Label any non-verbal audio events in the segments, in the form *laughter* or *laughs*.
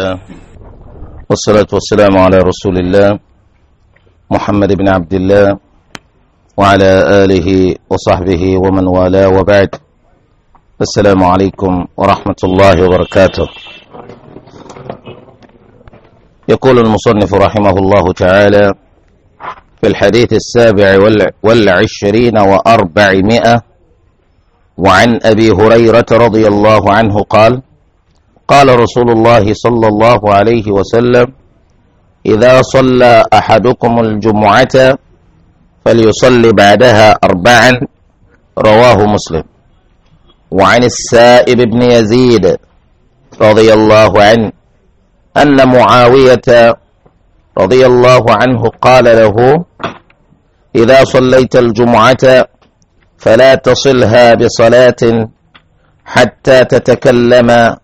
آه. والصلاة والسلام على رسول الله محمد بن عبد الله وعلى آله وصحبه ومن والاه وبعد السلام عليكم ورحمة الله وبركاته يقول المصنف رحمه الله تعالى في الحديث السابع والعشرين وأربعمائة وعن أبي هريرة رضي الله عنه قال قال رسول الله صلى الله عليه وسلم إذا صلى أحدكم الجمعة فليصلي بعدها أربعا رواه مسلم وعن السائب بن يزيد رضي الله عنه أن معاوية رضي الله عنه قال له إذا صليت الجمعة فلا تصلها بصلاة حتى تتكلم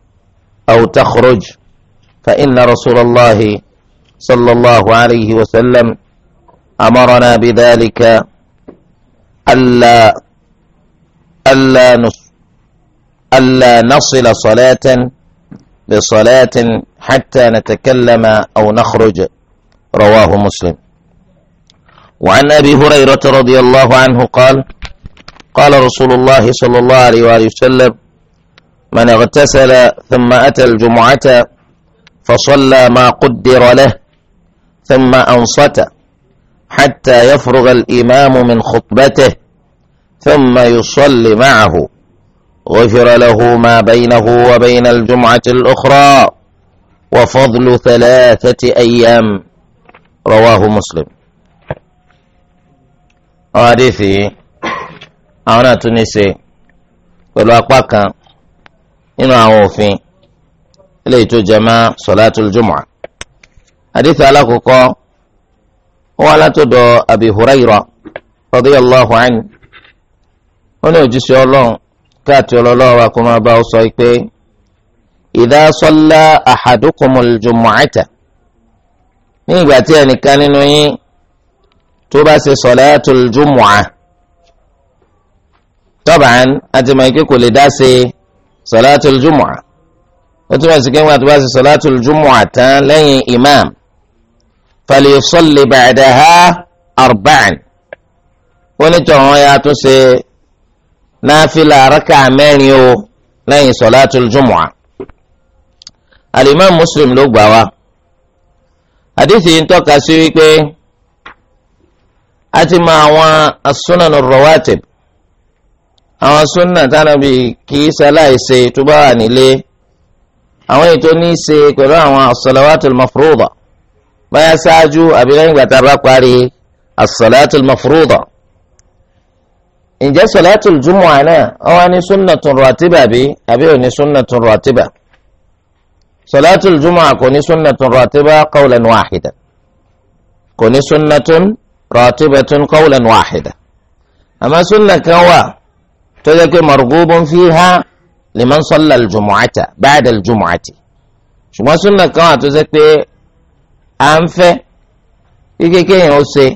أو تخرج فإن رسول الله صلى الله عليه وسلم أمرنا بذلك ألا ألا نص ألا نصل صلاة بصلاة حتى نتكلم أو نخرج رواه مسلم وعن أبي هريرة رضي الله عنه قال قال رسول الله صلى الله عليه وآله وسلم من اغتسل ثم أتى الجمعة فصلى ما قدر له ثم أنصت حتى يفرغ الإمام من خطبته ثم يصلي معه غفر له ما بينه وبين الجمعة الأخرى وفضل ثلاثة أيام رواه مسلم آه، حديثي آه، أنا تونسي pẹ̀lú apá nínú àwọn òfin eléyìí tó jẹ mọ́ sọlátul jùmọ̀ àdìsí alákòókò ó wá látọ̀dọ̀ Abi Hurayra radiyallahu anhu ó ní òjíṣẹ́ ọlọ́run káàtì ọlọ́lọ́wọ́ wa kó máa bá ó sọ idha salla ahadukumul jumu'ata ní ìgbà tí ẹnìkan nínú yín tó bá ṣe sọlátul jùmọ̀ tọ́bàn àti mọ̀ ikú kò lè dá ṣe salatul jumu'a ó túmọ̀ sí kéwọ́n àti bá ṣe salatul jumu'a tán lẹ́yìn imam falyusalli ba'daha arba'an onítọ̀hún ya tún ṣe náfìlà rákà mẹ́rin o lẹ́yìn salatul jumu'a alimami muslim ló gbà wá àdìsí ń tọ́ka sí wípé a ti mọ àwọn asúnanù rawatib àwọn súnà tánàbí kì í ṣaláìṣe tó bá wà nílé àwọn ètò ní í ṣe pẹ̀lú àwọn asọ̀làwátìl mafrúdà báyà ṣáájú àbí lẹ́yìn ìgbà tá a bá parí asọ̀làtìl mafrúdà. ǹjẹ́ sọ̀làtìl júmọ̀ àná ọwọ́ ní súnà tún rọ̀tìbà bí àbí ò ní súnà tún rọ̀tìbà sọ̀làtìl júmọ̀ kò ní súnà tún rọ̀tìbà qawlan wahida kò ní súnà tún rọ̀tìbà tún qawlan wahida àmọ́ súnà kan wà tọ́jà pé marghubun fiha liman salla al-jumu'ata ba'da al-jumu'ati ṣùgbọ́n súnà kan wà tó ṣe pé à ń fẹ́ kí kékeré ó ṣe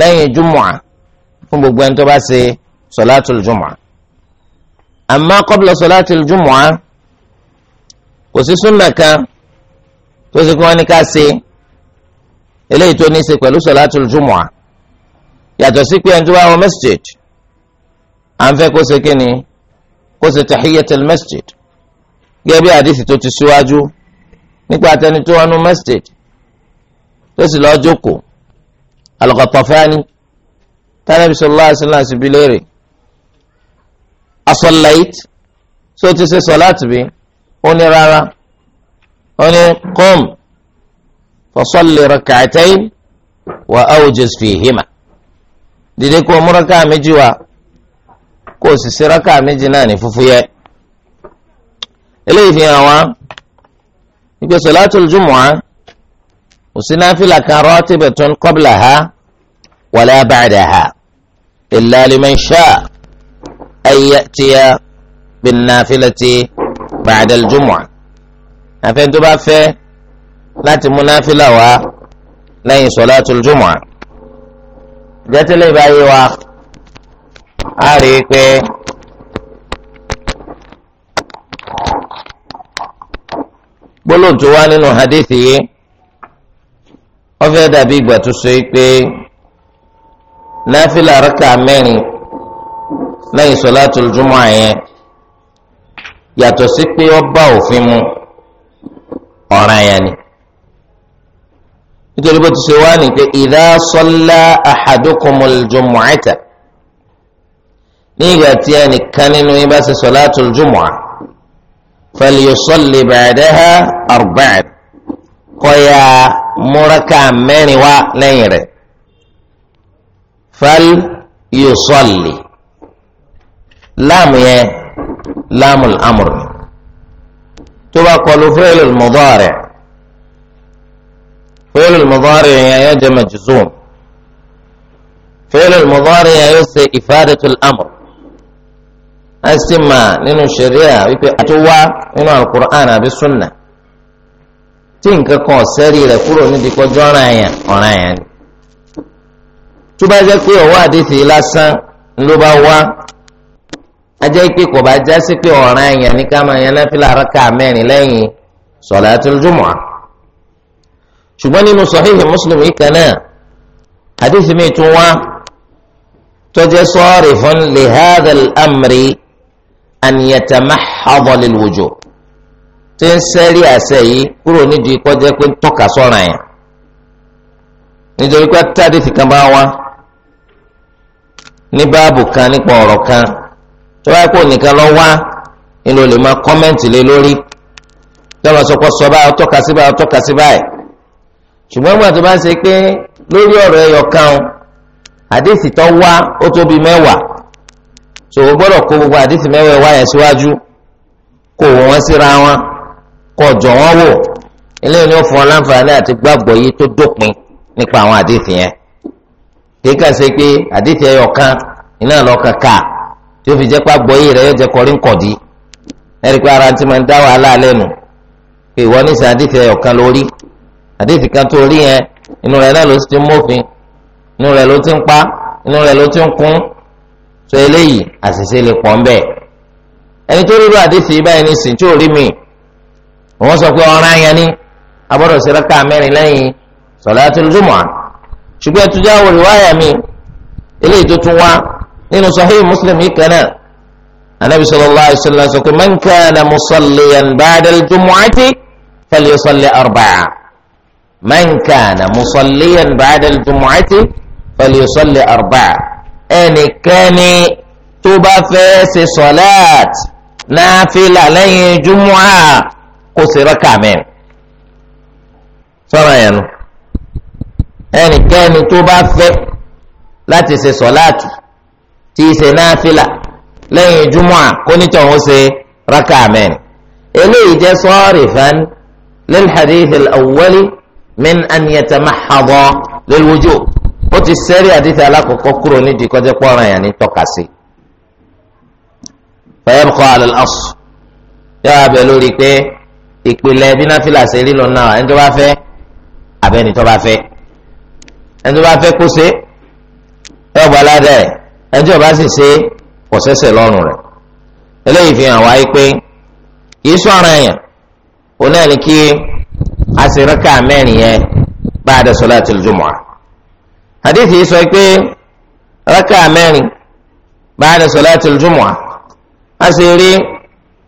lẹ́yìn jumu'a fún gbogbo ẹni tó bá ṣe salatul jumu'a amma qabla salatul jumu'a kò sí súnà kan tó ṣe kí wọ́n ní ká ṣe eléyìí tó ní í ṣe pẹ̀lú salatul jumu'a yàtọ̀ sí pé ẹni tó bá wọ masjid à ń fẹ́ kó ṣe kí ni kó ṣe tahiyatul masjid gẹ́gẹ́ bí àdìsí tó ti síwájú nípa àtẹni tó wọnú masjid tó sì lọ́ọ́ jókòó al-Ghatafani tánàbí sallallahu alaihi wasallam síbi léèrè asọ̀lẹ́yìt ti ṣe sọ láti bí ó ní rárá ó ní wa awjiz fihima dìde kó múra káà kó o sì ṣe rákà méjì náà ní fúfúyẹ́ eléyìí fi hàn wá ìgbé sọláàtúl jumu'ah òsì náfìlà kan ratibatun qablaha wala ba'daha illa liman sha'a an ya'tiya bin nafilati ba'dal jumu'ah àfẹn tó bá fẹ́ láti mú náfìlà wá lẹ́yìn sọláàtúl jumu'ah jẹ́tẹ́lẹ́ ìbáyé wa a rí i pé gbólóhùn tó wá nínú hadith yìí wọ́n fẹ́ dàbí ìgbà tó so yìí pé náfìlà rákà mẹ́rin lẹ́yìn sọláàtù jùmọ̀ àyẹn yàtọ̀ sí pé ó bá òfin mu ọ̀ràn yẹn ni nítorí bó ti ṣe wá ní pé idha salla ahadukumul jumu'ata. ní ìgbà tí ẹnìkan nínú yín bá ṣe solatul jumu'ah falyusalli ba'daha arba'an kọ́ya múraká mẹ́rin wá lẹ́yìn rẹ̀ falyusalli láàmù yẹn láàmù amúr tó bá kọlu fẹ́ẹ́lì mọ́dọ́rẹ̀ fẹ́ẹ́lì mọ́dọ́rẹ̀ yẹn yẹn jẹ́ majzum fẹ́ẹ́lì mọ́dọ́rẹ̀ yẹn yóò ṣe ìfádẹ́tul amúr. a sì mà nínú sẹ̀ríà wípé àti wá nínú alukur'an àbí sunna tí nǹkan kan ọ̀sẹ́rì rẹ̀ kúrò nídìí kọjọ́ ọ̀ràn àyàn ọ̀ràn àyàn ni. tó bá jẹ́ pé ọwọ́ àdìsí lásán ló bá wá a jẹ́ pé kò bá já sí pé ọ̀ràn àyàn ní ká máa yan náfìlà rákà mẹ́rin lẹ́yìn sọ̀látul jumu'ah. ṣùgbọ́n nínú sọ̀híhì mùsùlùmí kan náà àdìsí mi tún wá tó sọ́ọ̀rì fún lihadal amri àníyàtàmá ọ̀bọ̀lẹ̀ lòjò tí ń sẹ́rí àṣẹ yìí kúrò nídìí kọjá pé ń tọ́ka sọ́ràn yẹn nítorí pé tádìfì kan bá wá ní báàbù kan nípa ọ̀rọ̀ kan tó wáyé kó nìkan lọ wá nílò lè máa kọ́mẹ́ǹtì lé lórí lọ́wọ́ sọ pé sọ báyìí tọ́ka sí báyìí tọ́ka sí báyìí ṣùgbọ́n ìgbà tó bá ṣe pé lórí ọ̀rọ̀ ẹyọ kan àdéhìí tó wá ó tó mẹ́wàá so o gbọ́dọ̀ kó gbogbo àdìsí mẹ́wẹ̀ẹ́ wáyà síwájú kó wọn síra wọn kó jọ wọn wò eléyìí ni ó fún ọ láǹfààní àti gbàgbọ́ yìí tó dópin nípa àwọn àdìsí yẹn kì í kà sí pé àdìsí ẹyọ kan iná lọ kàkà tí ó fi jẹ́ pé àgbọ̀ yìí rẹ̀ yóò jẹ́ kọrí nkọ̀dí ẹ̀rí pé ara ti máa ń dá wàhálà lẹ́nu pé ìwọ ní sàn àdìsí ẹyọ kan lórí àdìsí kan tó rí yẹn inú rẹ̀ náà ló ti mófin inú rẹ̀ ló ti ń pa inú rẹ̀ ló ti ń kún sọ eléyìí àṣìṣe lè pọ̀ ń bẹ̀ ẹni tó rírọ àdéhìí báyìí ní sìn tí ò rí mi wọ́n sọ pé ọ̀ràn yẹn ni abọ́dọ̀ sí rákà mẹ́rin lẹ́yìn sọ̀láàtì lójúmọ́ ṣùgbọ́n ẹtùjá wò rí wáyà mi eléyìí tó tún wá nínú sahih muslim yìí kan náà anabi sallallahu alaihi sọ pé man kana musalliyan ba'da al-jumu'ati falyusalli arba'a man kana ẹnikẹ́ni tó bá fẹ́ ṣe sọ̀láàt náfìlà lẹ́yìn júmọ́à kò sí rákà mẹ́rin sọ̀rọ̀ yẹn nu ẹnikẹ́ni tó bá fẹ́ láti ṣe sọ̀láàt tí í ṣe náfìlà lẹ́yìn júmọ́à kò ní tọ̀hún ṣe rákà mẹ́rin eléyìí jẹ́ sarifan lil hadith al min an yatamahhada lil ó ti sẹ́rí àdìsí alákọ̀ọ́kọ́ kúrò nídìí kọjá pọ́nrán yẹn ní tọ́ka sí. fayabqa ala al-asl yọ abẹ lórí pé ìpìlẹ̀ bí náfìlà ṣe rí lọ́nà ẹni tó bá fẹ́ abẹ́ni tó bá fẹ́ ẹni tó bá fẹ́ kó ṣe ẹ ọgbà ládàá ẹni tó bá sì ṣe kò sẹ́sẹ̀ lọ́rùn rẹ̀ eléyìí fi hàn wáyé pé kì í sọ ọ̀ràn yẹn òun náà ni kí a sì rákà mẹ́rin yẹn ba'da salatil jumu'ah hadith yìí sọ pé rákà mẹ́rin báyìí sọláàtì jùmọ̀à a sì rí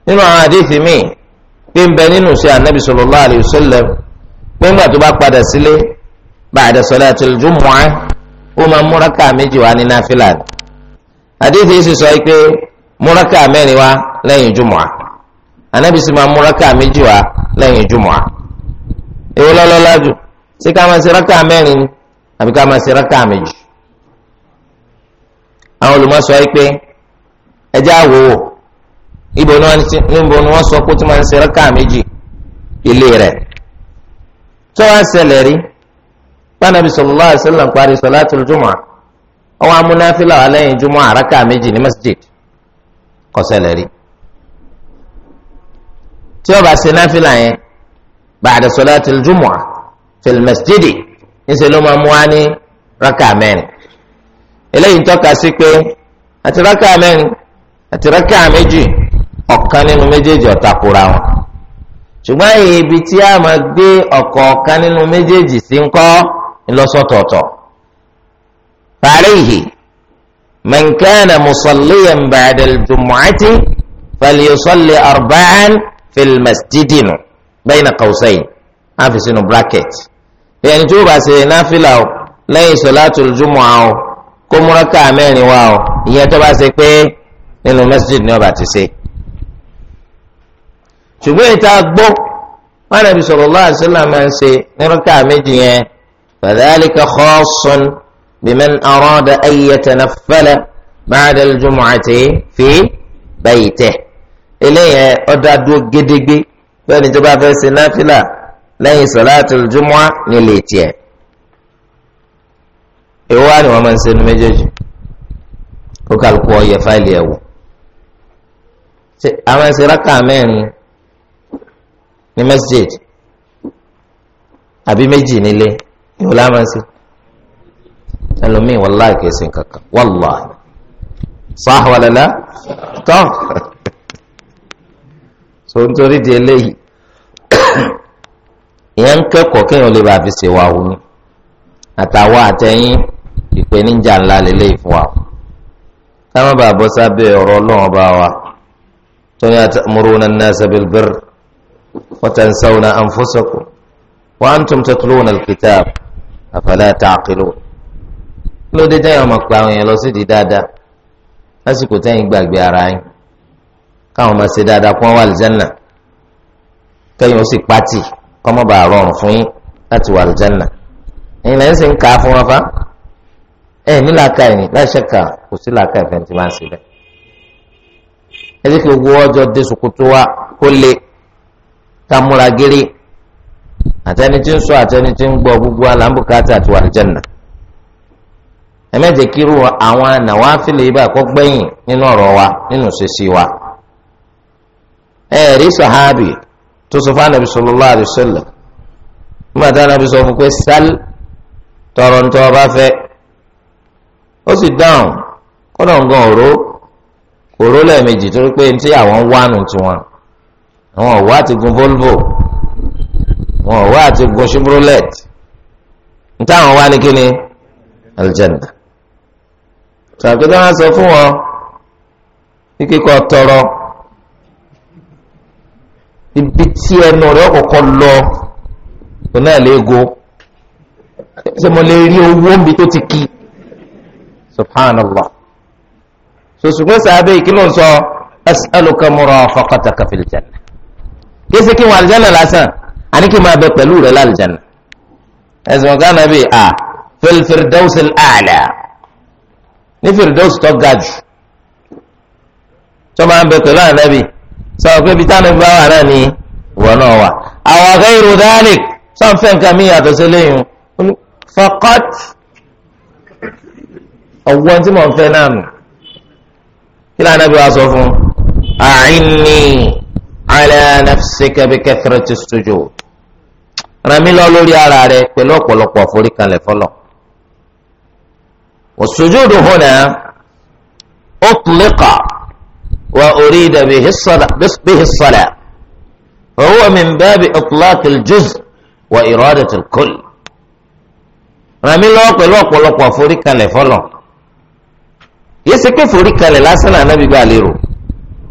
nínú àwọn hadith míì pé ń bẹ nínú sí anabi sallallahu alayhi wa sallam pé ńgbà tó bá padà sílé báyìí sọláàtì jùmọ̀à ó máa mú rákà méjì wá ní náfìlà ni hadith yìí sì sọ pé mú rákà mẹ́rin wá lẹ́yìn jùmọ̀à anabi sì máa mú rákà méjì wá lẹ́yìn jùmọ̀à èwo lọ́lọ́lá jù sí ká máa ṣe rákà mẹ́rin ni àbí ká máa ṣe rákà méjì àwọn olùmọ̀sọ yìí pé ẹjẹ́ àwòwò ibo ni wọ́n sọ pé tí máa ń ṣe rákà méjì ilé rẹ̀ tó wá ṣẹlẹ̀ rí pànàbí sallallahu alaihi wasallam parí salatul jumu'ah àwọn amúnáfílà wà lẹ́yìn jùmọ̀ àràkà méjì ní masjid kò ṣẹlẹ̀ rí tí ó bá ṣe náfílà yẹn ba'da salatul jumu'ah fil masjidi ńṣe ló máa mú wá ní rákà mẹ́rin eléyìí ń tọ́ka sí pé àti rákà mẹ́rin àti rákà méjì ọ̀kan nínú méjèèjì ò takora wọn ṣùgbọ́n ibi tí a máa gbé ọ̀kọ̀ọ̀kan nínú méjèèjì sí ń kọ́ ńlọ́sọ̀tọ̀ọ̀tọ̀ fàríhì man kana musalliyan ba'da al-jumu'ati falyusalli arba'an fil masjidinu bayna bracket ìyẹn tí ó bá ṣe náfìlà o lẹ́yìn sọ̀látùl jumu'a o kó múrákà mẹ́rin wá o ìyẹn tó bá ṣe pé nínú masjid ni ó bá ti ṣe. ṣùgbọ́n ìta gbó wọn nàbí sallallahu alaihi wasallam máa ń ṣe múrákà méjì yẹn fadhalika khassun biman arada an yatanaffala ba'da al-jumu'ati fi baytihi eléyẹn ó dá dúró gédégbé fẹ́ni tó bá fẹ́ ṣe náfìlà lẹ́yìn salatul jumu'a nílé tiẹ̀ èwo wá ni wọ́n máa ń sẹ́nu méjèèjì kó kálukú ọyẹ fáìlì ẹ̀ àwọn ẹsẹ̀ rákà mẹ́rin ní masjid àbí méjì nílé ìwọ la máa ń ṣe ẹlòmíì wàláì kìí sin kankan wàláì sáà wàlálà tán so nítorí di eléyìí. ìyẹn ń kẹ́kọ̀ọ́ kéèyàn lè bá fi ṣe wa òun àtàwa àtẹ̀yìn ìpèníjà ńlá lélẹ́yìí fún wa táwọn bá bọ́ sábẹ́ ọ̀rọ̀ ọlọ́run bá wa tóní àtàmúrúnà an-nasa bil-birr wa tansawna anfusakum wa antum tatluna al-kitab afala ta'qilun lóde táyà ọmọ pa àwọn èèyàn lọ sídìí dáadáa lásìkò táyìn gbàgbé ara yín káwọn máa ṣe dáadáa kó wọn wà lìjánà kẹyìn ó sì pátì. kọ́mọ́ bá rọrùn fún yín láti wà lùjánà ẹ̀yin lẹ́yìn sì ń kà fún wọn fa ẹ̀ ní làákà ẹ̀ láìṣẹ́ kò sí làákà ẹ̀fẹ́ tí máa ń ẹ jẹ́ kí gbogbo ọjọ́ dé sòkòtò wa kó le ká múra gírí àtẹni tí ń sọ àtẹni tí ń gbogbo alámbùkátà àti wà lùjánà ẹ ibà kọ́ gbẹ̀yìn nínú ọ̀rọ̀ wa nínú wa ẹ̀ẹ́rí sàhábì tó sọ fún anabi sallallahu alaihi wasallam nígbà tí anabi sọ fún pé sal tọrọ ń tọ́ ọba fẹ́ ó sì dáhùn kọ́nà ń gan òró òró lẹ́ẹ̀mejì torí pé ní tí àwọn ń wánu tiwọn àwọn ọ̀wá ti gun volvo àwọn ọ̀wá ti gun chevrolet ní táwọn wá ní kíni aljanna tàbí tí wọ́n sọ fún wọn ní tọrọ ibi tí ẹnu rẹ̀ ọ̀kọ̀ọ̀kọ̀ lọ tó náà léego ṣé mo lè rí owó níbi tó ti kí subhanallah sòṣùgbọ́n sàbẹ̀ ìkìlọ̀ sọ as'aluka murafaqataka fil janna kí ṣe kí wọn àlìjáná lásán àní kí n máa bẹ pẹ̀lú rẹ̀ lálìjáná ẹ̀sìn ọ̀gá náà bíi a fil firdaus al-a'la ní firdaus tó ga tó máa ń bẹ pẹ̀lú ànábì sọ̀rọ̀ pé bíi táwọn ẹgbẹ́ wa náà ni ìwọ náà wà. àwọn akẹ́yìn rudalik sọ̀nfẹ́ nǹkan mi yàtọ̀ sí lẹ́yìn fọkọ́t ọ̀gbọ́n tí mò ń fẹ́ náà nù. kí lóun anábì wa sọ fún un. àìní ala nafsika bi kathrati sujud. ràn mí lọ lórí ara rẹ pẹ̀lú ọ̀pọ̀lọpọ̀ àforíkalẹ̀ fọlọ̀. والسجود هنا أطلق وأريد به الصلاة به الصلاة فهو من باب إطلاق الجزء وإرادة الكل rami lọ́wọ́ pẹ̀lú ọ̀pọ̀lọpọ̀ àforíkalẹ̀ fọlọ yẹsẹ pé foríkalẹ̀ lásán ànábi gba lérò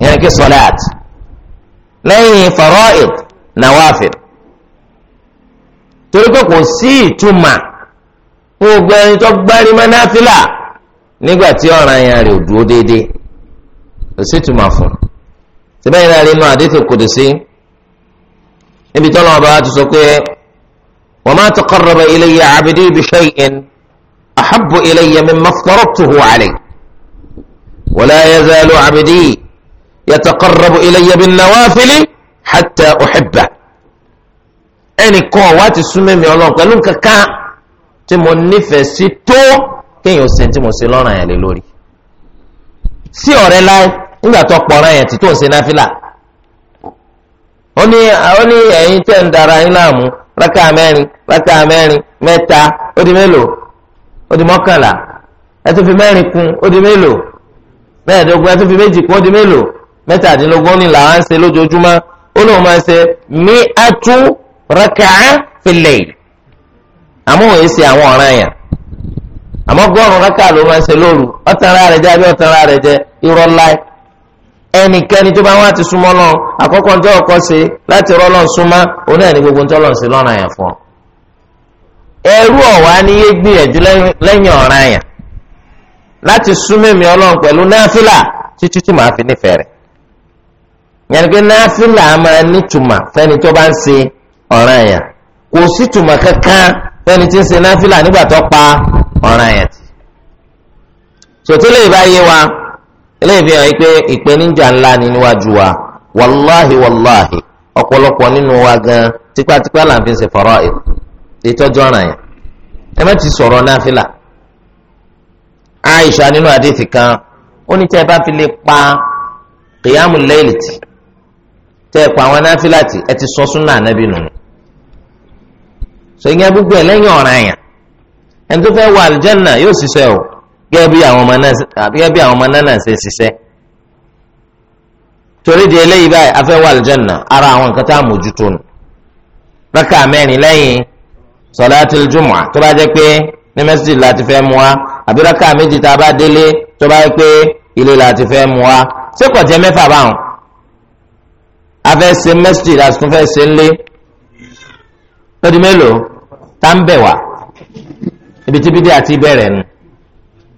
yẹn kí sọláàt lẹ́yìn faraid nawafil torí pé kò sí ìtumà fún gbogbo ẹni tó gbárí mọ náfìlà nígbà tí ọ̀ranyàn rẹ̀ ò dúró déédéé kò sí ìtumọ̀ fún síbẹ̀ yìí náà rí inú àdéhùn kò dé sí níbi tí ọlọ́wọ́ bá ti sọ pé wa ma taqarraba ilayya abdi bi shay'in ahabbu ilayya mimma aftaradtuhu alayhi wa la yazalu abdi yataqarrabu ilayya bin nawafili hatta uhibba ẹnìkan wá ti súnmọ́ mi ọlọ́run pẹ̀lú kankan tí mo nífẹ̀ẹ́ sí tó kéèyàn ṣe mo ṣe lọ́ràn yẹn lórí sí ọ̀rẹ́ láì nígbà tó pọ̀ ọ̀ràn yẹn tí tó ń ṣe náfìlà ó ní ó ní ẹ̀yin tẹ́ ń dara yín láàmú rákà mẹ́rin rákà mẹ́rin mẹ́ta ó di mélòó ó di mọ́kànlá ẹ tó fi mẹ́rin kún ó di mélòó mẹ́ẹ̀ẹ́dógún ẹ tó fi méjì ó di mélòó mẹ́tàdínlógún ni làwọn ń ṣe lójoojúmọ́ ó lóun máa ń ṣe mí àtú rákà fil-layl àmọ́ òun àwọn ọ̀ràn yẹn àmọ́ ẹnikẹ́ni tó bá wá ti súnmọ́ lọ àkọ́kọ́ tó ọkọ ṣe láti rọ́lọ́ súnmọ́ oní ẹni gbogbo tó lọ́n sí lọ́ràn yẹn fún ọ. ẹrú ọ̀wá ni yé gbìyànjú lẹ́yìn ọ̀ràn yẹn láti súnmẹ́mi ọlọ́run pẹ̀lú náfìlà títí tí màá fi nífẹ̀ẹ́ rẹ̀. yẹn pé náfìlà máa nítumà fẹ́ni tó bá ń ṣe ọ̀ràn yẹn kò sí tùmọ̀ kankan fẹ́ni tí ń ṣe náfìlà nígbà tó pa ọ̀ràn yẹn tì. sòtúlẹ̀ ìbáyé wa eléyìí fi hàn yí pé ìpèníjà ńlá ni níwájú wa wàláhì wàláhì ọ̀pọ̀lọpọ̀ nínú wa gan tipátipá là ń fi ṣe fọ̀rọ̀ ìtọ́jú ọ̀ràn yẹn ẹ má ti sọ̀rọ̀ náfìlà Aisha nínú àdéhìí kan ó ní tẹ́ ẹ bá fi lè pa kìyàmù lẹ́yìn tì tẹ́ ẹ pa àwọn náfìlà tì ẹ ti sọ súnà ànábì nù sọ ìyẹn gbogbo ẹ lẹ́yìn ọ̀ràn yẹn ẹni tó fẹ́ yóò ṣiṣẹ́ o. gẹ́gẹ́ bí àwọn ọmọ náà gẹ́gẹ́ bí àwọn ọmọ náà náà ṣe ṣiṣẹ́ torí di eléyìí báyìí afẹ́ wà lìjọ́nà ara àwọn nǹkan tá a mójútó nù rákà mẹ́rin lẹ́yìn sọ̀láàtìl jùmọ̀ tó bá jẹ́ pé ní mẹ́sìtì láti fẹ́ mu wa àbí rákà méjì tá a bá délé tó bá jẹ́ pé ilé láti fẹ́ mu wa ṣé kò jẹ́ mẹ́fà báwọn afẹ́ ṣe mẹ́sìtì láti tún fẹ́ ṣe ńlé lọ́dún mélòó tá ń bẹ̀ wá ibi tí bídí àti bẹ̀rẹ̀ nù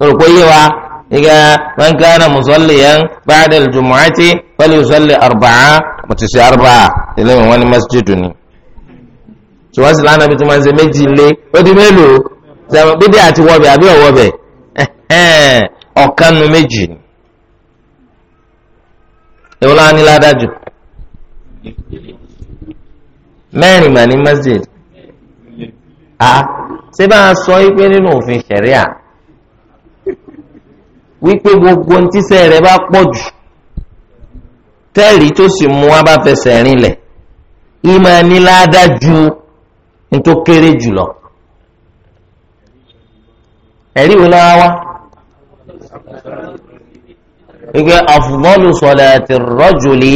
rò pé yé wa ìgbà man kana musalliyan ba'da al-jumu'ati falyusalli arba'a mo ti ṣe arba'a eléyìí wọn ní masjidu ni tí wọ́n sì lánàá bí tí wọ́n ṣe méjì lé ó di mélòó sẹ́wọ̀n bídé àti wọ́bẹ̀ àbí ọ̀wọ́bẹ̀ ọ̀kanu méjì ni èwo láwọn ní ládájú mẹ́rin mà ní masjid a ah, ṣé a sọ pé nínú òfin ṣẹ̀ríà wípé gbogbo ní tíṣẹ́ rẹ̀ bá pọ̀ jù tẹ́ẹ̀rí tó sì mú wa bá fẹsẹ̀ rinlẹ̀ ìmọ̀ ní ládàá ju ní tó kéré jù lọ. ẹ̀rí wo lára wá wípé afdalu salati rajuli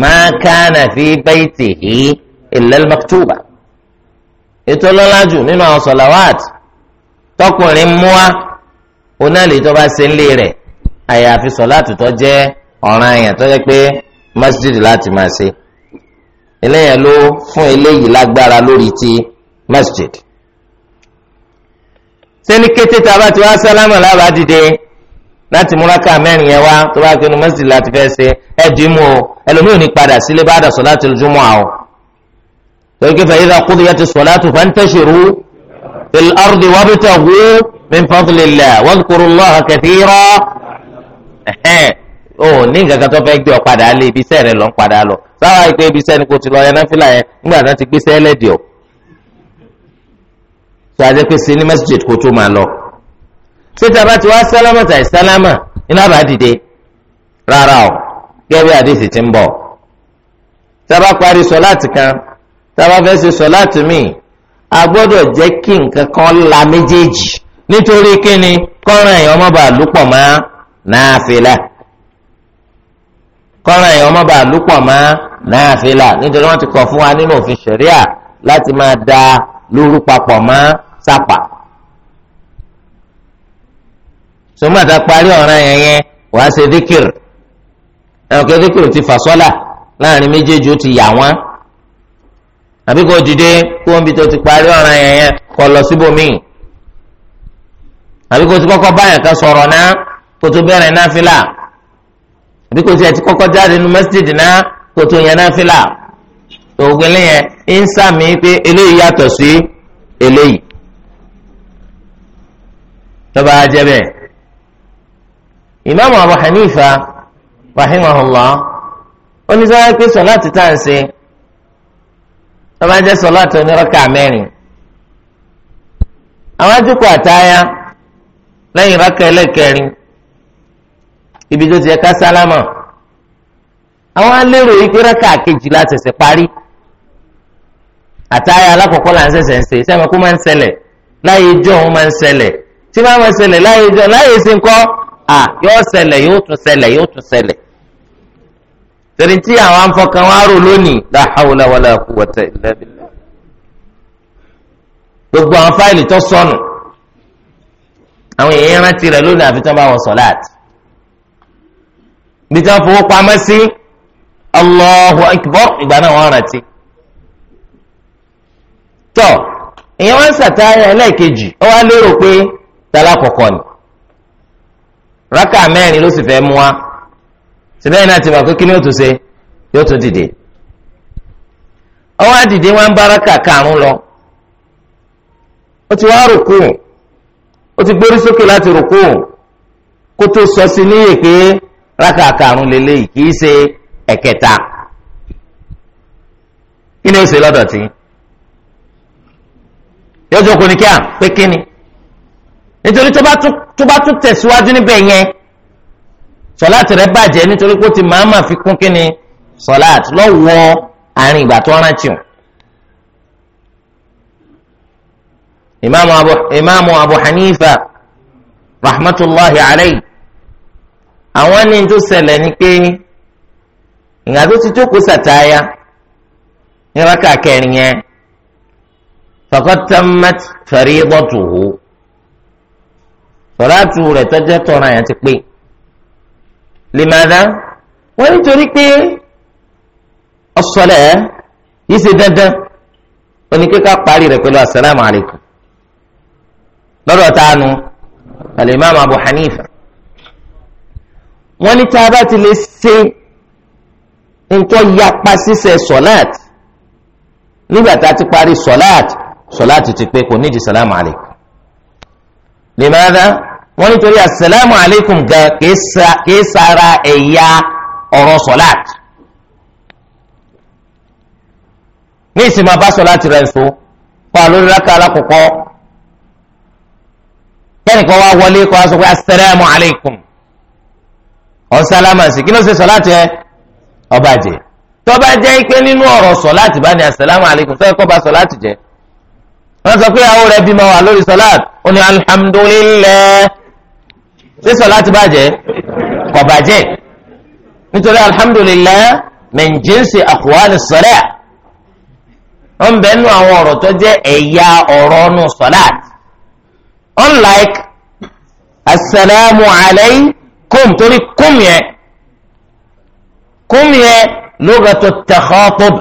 ma kana fi baytihi illa al-maktuba ètò ọlọ́lá jù nínú àwọn sọ̀làwàtì tọkùnrin mú wa oná lè tó bá ṣe ń lé rẹ̀ àyàfi sọ̀láàtù tó jẹ́ ọ̀ràn àyàn tó jẹ́ pé masjid láti máa ṣe eléyàn ló fún eléyìí lágbára lórí ti masjid. ṣé ní kété tá a bá ti wá sálámà lába dìde láti múraká mẹ́rin yẹn wá tó bá pinnu masjid láti fẹ́ ṣe ẹ dì í mú o ẹlòmíì ní padà sílé bá dà sọ̀láàtul jumu'a o. torí kí fa idha qudiyati sọ̀láàtù fantashiru fil ardi wabtaghu min fadlillah الله kathira o ní nǹkan kan tó fẹ́ gbé ọ padà lé ibiṣẹ́ rẹ lọ ń padà lọ sáwá ìpè ibiṣẹ́ ni kò ti lọ yẹn fílà yẹn nígbà tó ti gbéṣẹ́ ẹlẹ́dìọ̀ tó a jẹ́ pé sí ní masjid kò tó máa lọ. síta bá ti wá sálámà tàì sálámà iná bá dìde rárá o gẹ́gẹ́ àdéhìí ti ń bọ̀. sábà parí sọláàtì kan sábà fẹ́ ṣe sọláàtì míì a gbọ́dọ̀ jẹ́ kí nǹkan kan la méjèèjì nítorí kíni kọ́ran èèyàn má bàa lúpọ̀ mọ́ náàfilà kọ́ran èèyàn mọ́ nítorí wọ́n fún wa nínú òfin láti máa da lóru papọ̀ mọ́ sápà. sọmọdà parí ọ̀ràn yẹn yẹn wàá ṣe díkìr ẹ̀rọ díkìr ti fà sọ́là láàrin méjèèjì ti yà wọ́n àbí kò dìde kó omi ti parí ọ̀ràn yẹn yẹn kọ lọ àbí kò ti kọ́kọ́ báyàn kan sọ̀rọ̀ náà kò tó bẹ̀rẹ̀ náfìlà àbí kò tiẹ̀ ti kọ́kọ́ jáde nu mẹ́sídìdì náà kò tó yẹn náfìlà òògùn lẹ́yìn ń sàmì pé eléyìí yàtọ̀ sí eléyìí tọ́ba ajẹ́ bẹ́ẹ̀ ìmáàmù Abu Hanifa rahimahullah ó ní pé sọ́láàtì tá à ń ṣe tọ́ba ajẹ́ sọ́láàtì onírọ́kà mẹ́rin àwọn àjùkọ̀ àtayá lẹ́yìn rákà ẹlẹ́kẹrin ibi tó ti yẹ ká sálámà àwọn alérò yìí pé rákà kejì la ṣẹ̀ṣẹ̀ parí àtàyà alákọ̀ọ́kọ́ là ń ṣẹ̀ṣẹ̀ ń ṣe sẹ́mi kó máa ń ṣẹlẹ̀ láyé ijó òun máa ń ṣẹlẹ̀ tí máa ń ṣẹlẹ̀ láyé ijó láyé ṣe ń kọ́ à yóò ṣẹlẹ̀ yóò tún ṣẹlẹ̀ yóò tún ṣẹlẹ̀ tẹ̀lé tí àwọn afọkàn wa rò lónìí la hawla wala quwwata gbogbo àwọn fáìlì tó sọnù àwọn èèyàn rántí rẹ̀ lónìí àfi bá wọ sọ̀láàtì bí tí fowó Allahu ìgbà náà wọ́n rántí. tọ́ èèyàn wá ń ẹlẹ́ẹ̀kejì ó wá lérò pé tala kọ̀kọ̀ ni rákà mẹ́rin ló sì fẹ́ mú wa náà ti pé kí ó tún wá dìde bá rákà lọ ó ti wá ó ti gbórí sókè láti rùkú kó tó sọ sí níyè pé rákà karùn-ún lélẹ́yìí kì í ṣe ẹ̀kẹta kí ni ó ṣe lọ́dọ̀ tí yóò jókòó ní kíá pé kí ni nítorí tó bá tún tẹ̀síwájú níbẹ̀ yẹn sọláàtì rẹ bàjẹ́ nítorí pé ó ti máa ma fi kún kí ni sọláàtì lọ́wọ́ àárín ìgbà tó rántí o imaamu abu imaamu abu hanifa rahmatulahi alayhi àwọn ní tó ṣẹlẹ̀ ni pé ìgbà tó ti jókòó sàtáyà ní rákà kẹrin yẹn faqad tammat faridatuhu sọ̀láàtù rẹ̀ tọ́jọ́ tọ́ra yẹn ti pé limadha wọ́n nítorí pé as yìí ṣe dandan oníkẹ́kẹ́ parí rẹ̀ pẹ̀lú asalaamualeykum lọ́dọ̀ tánu alimami abu hanifa wọ́n ní tá a bá ti lè ṣe nǹkan yapa ṣíṣe sọ̀láàt nígbà tá a ti parí sọ̀láàt sọ̀láàt ti pé kò nídìí sàlámù alaykum lèmọ́dá wọ́n nítorí àsàlámù alaykum gan kìí sara ẹ̀yà ọ̀rọ̀ sọ̀láàt ní ìsìn máa bá sọ̀láàt rẹ̀ so pa lórí rákà alákọ̀ọ́kọ́ kẹ́nìkan wá wọlé kó a sọ pé asalaamu alaykum ọ̀sálámà sí kí ló ṣe sọ láti ẹ ọba jẹ tọba jẹ́ ike nínú ọ̀rọ̀ sọ láti bá ní asalaamu alaykum sọ ẹ̀kọ́ bá sọ láti jẹ wọ́n sọ pé àwọn rẹ̀ bímọ wà lórí sọláàt ó ní alhamdulillah ṣé sọláàt bàjẹ́ kò bàjẹ́ nítorí alhamdulillah min jinsi aqwali sọláàt wọ́n nù àwọn ọ̀rọ̀ tó jẹ́ ẹ̀yà ọ̀rọ̀ nù sọláàt unlike asalaamu alaykum torí kum yẹn kum yẹn lugatu takhatub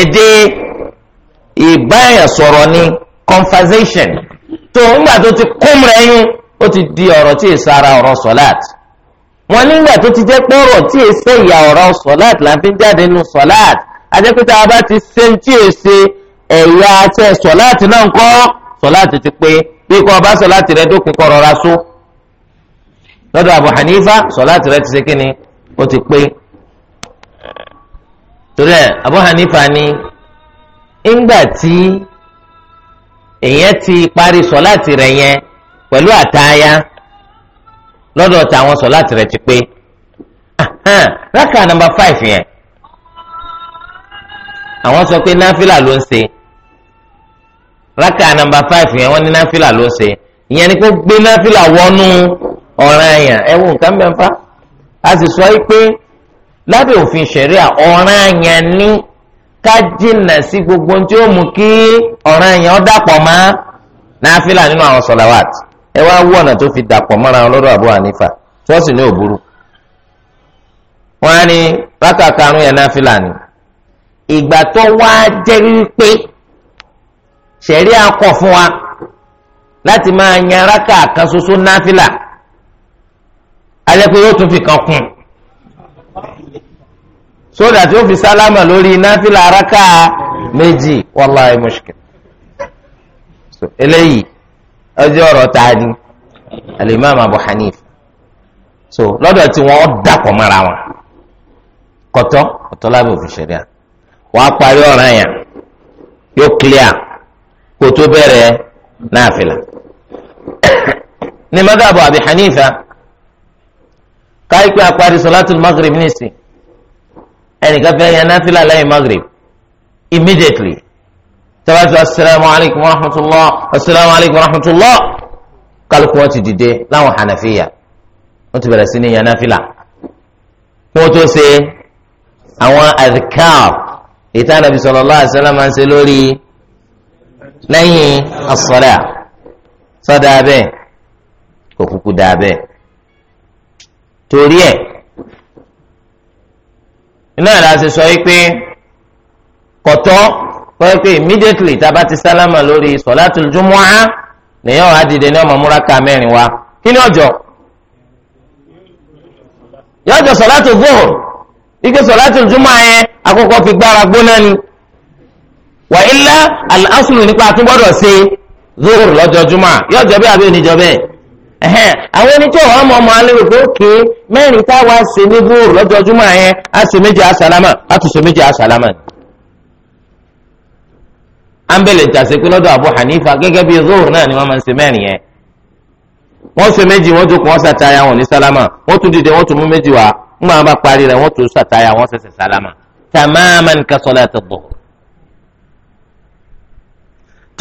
èdè ìbáyàn ni conversation tó ńgbà tó ti kum rẹ̀ yín ó ti di ọ̀rọ̀ tí ìsara ọ̀rọ̀ sọ̀láàt wọn nígbà tó ti jẹ́ pé ọ̀rọ̀ tí èsè ìyá ọ̀rọ̀ sọ̀láàt là ń fi jáde nínú sọ̀láàt ajẹ́pẹ́tà abá ti ṣe tí èsè ẹ̀yà àti sọ̀láàt náà ń kọ́ sọ̀láàt ti pé bí kò ọba sọláàtì rẹ dókun kọrọ rọra só lọ́dọ̀ Abu Hanifa sọláàtì rẹ ti ṣe kíni ó ti pé torí ẹ Abu Hanifa ni ńgbà tí èèyàn ti parí sọláàtì rẹ yẹn pẹ̀lú àtayá lọ́dọ̀ tàwọn sọláàtì rẹ ti pé rákà nàmbà fáìfì yẹn àwọn sọ pé náfìlà ló ń ṣe. Raka nàmbà five yẹn wọ́n ní náfìlà ló ṣe ìyẹn ni kó gbé náfìlà wọnú ọ̀ràn àyàn ẹ wo nǹkan mẹ́fà a sì sọ pé lábẹ́ òfin ṣẹ̀ríà ọ̀ràn àyàn ní ká jìnnà sí gbogbo tí ó mú kí ọ̀ràn àyàn ó dàpọ̀ mọ́ náfìlà nínú àwọn sọ̀làwàt ẹ wá wú ọ̀nà tó fi dàpọ̀ mọ́ra wọn lọ́dọ̀ Abu Hanifa tí wọ́n sì ní òbúrú wọ́n á ní rákà karùn yẹn náfìlà ni ìgbà tó wá jẹ́ wípé Sharia akọ̀ fún wa láti máa yan rákà kan ṣoṣo náfìlà ajẹ́pẹ́ yóò tún fi kan kún sódà tí ó fi sálámà lórí náfìlà rákà méjì wàláhì mushkil eléyìí ọjọ́ ọ̀rọ̀ ta ni abu hanif so lọ́dọ̀ tí wọ́n dàpọ̀ mara wọn kọ́tọ́ kọ́tọ́ lábẹ́ òfin ṣẹ̀ríà wọ́n á parí ọ̀ràn yẹn yóò kó tó bẹ̀rẹ̀ náfìlà ní madhabu Abi Hanifa káyipẹ́ apari salatul maghrib nísìn ẹnìkan fẹ́ yan náfìlà lẹ́yìn maghrib immediately tabatu asalaamu alaykum wa rahmatulah asalaamu alaykum wa rahmatulah kálukú wọn ti dìde láwọn hànàfíyà wọn ti bẹ̀rẹ̀ sí ní yan náfìlà kó tó ṣe àwọn adhkar ìtàn Nabi sallallahu alaihi wasallam máa ń ṣe lórí lẹ́yìn asọ́lá sọ́dà abẹ́ kò kúkú dà abẹ́ torí ẹ̀ iná ìlà ti sọ wípé kọ̀tọ́ kọ́ pé immediately taba ti sálámà lórí sọ̀látù jumu'a lèyìn ọ̀hà dìde ní ọmọ múraka mẹ́rin wa kí ni ọjọ́ yọjọ sọ̀látù zuhur ike sọ̀látù jumu'a yẹn àkọ́kọ́ fi gbára gbóná ni wà ilá aláṣùlù nípa àtúgbọ́dọ̀ ṣe zuhur lọ́jọ́júmọ́ yóò jọ bẹ́ẹ̀ àbí oníjọ bẹ́ẹ̀ ẹ̀hẹ́n àwọn oníjọ́ wọn mọ̀ ọmọ alẹ́ rògbò ké mẹ́rin táwa ṣe ní zuhur lọ́jọ́júmọ́ yẹn á ṣe méjì àṣàlámà á tún ṣe méjì àṣàlámà. ámbẹ̀lẹ̀ jàṣe pé lọ́dọ̀ Abu Hanifa gẹ́gẹ́ bí zuhur náà ni wọ́n máa ń ṣe mẹ́rin yẹn wọ́n ṣe méjì wọ́n jókòó wọ́n ṣàtàyà wọn ní sálámà wọ́n tún dìde wọ́n tún mú méjì wá ń máa bá parí rẹ̀ wọ́n tún ṣàtàyà wọ́n ṣẹ̀ṣẹ̀ sálámà tamaman ka salati dhuhr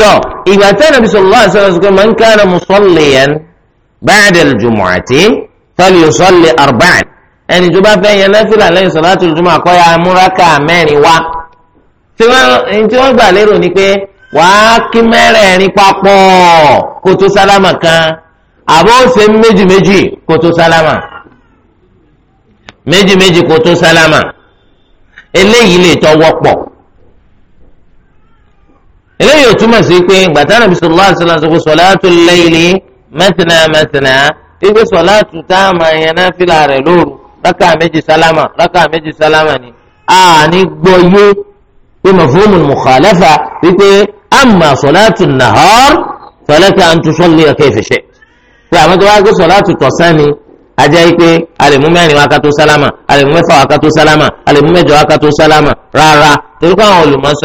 tọ́ ìgbà tí Ànábì sallallahu alaihi wasallam man kana musalliyan ba'da al-jumu'ati falyusalli arba'an ẹni tó bá fẹ́ yẹn náfìlà lẹ́yìn salatul jumu'a kó ya mú rákà mẹ́rin wá tí wọ́n gbà lérò ni pé wàá kí mẹ́rẹ̀ẹ̀rin papọ̀ kó tó sálámà kan àbó ṣe méjì méjì kó tó sálámà méjì méjì kó tó sálámà eléyìí lè tọ́ wọ́pọ̀ eléyìí ò túmọ̀ sí pé gbàtà nàbí sọlá àṣìlá sọkò sọláàtù láylì mẹ́tìnà mẹ́tìnà wípé sọláàtù tá a máa yẹn náà fìlà rẹ̀ lóru rákà méjì sálámà rákà méjì sálámà ni àní gbọ́ yé pé mafhumul mukhalafa wípé àmà sọláàtù nàhọ́r sọláàtù an tusalli kayfa shi'ta pé àwọn tó wá gbé sọláàtù tọ̀sán ni ajá yìí pé alẹ́mú mẹ́rin wákàtó sálámà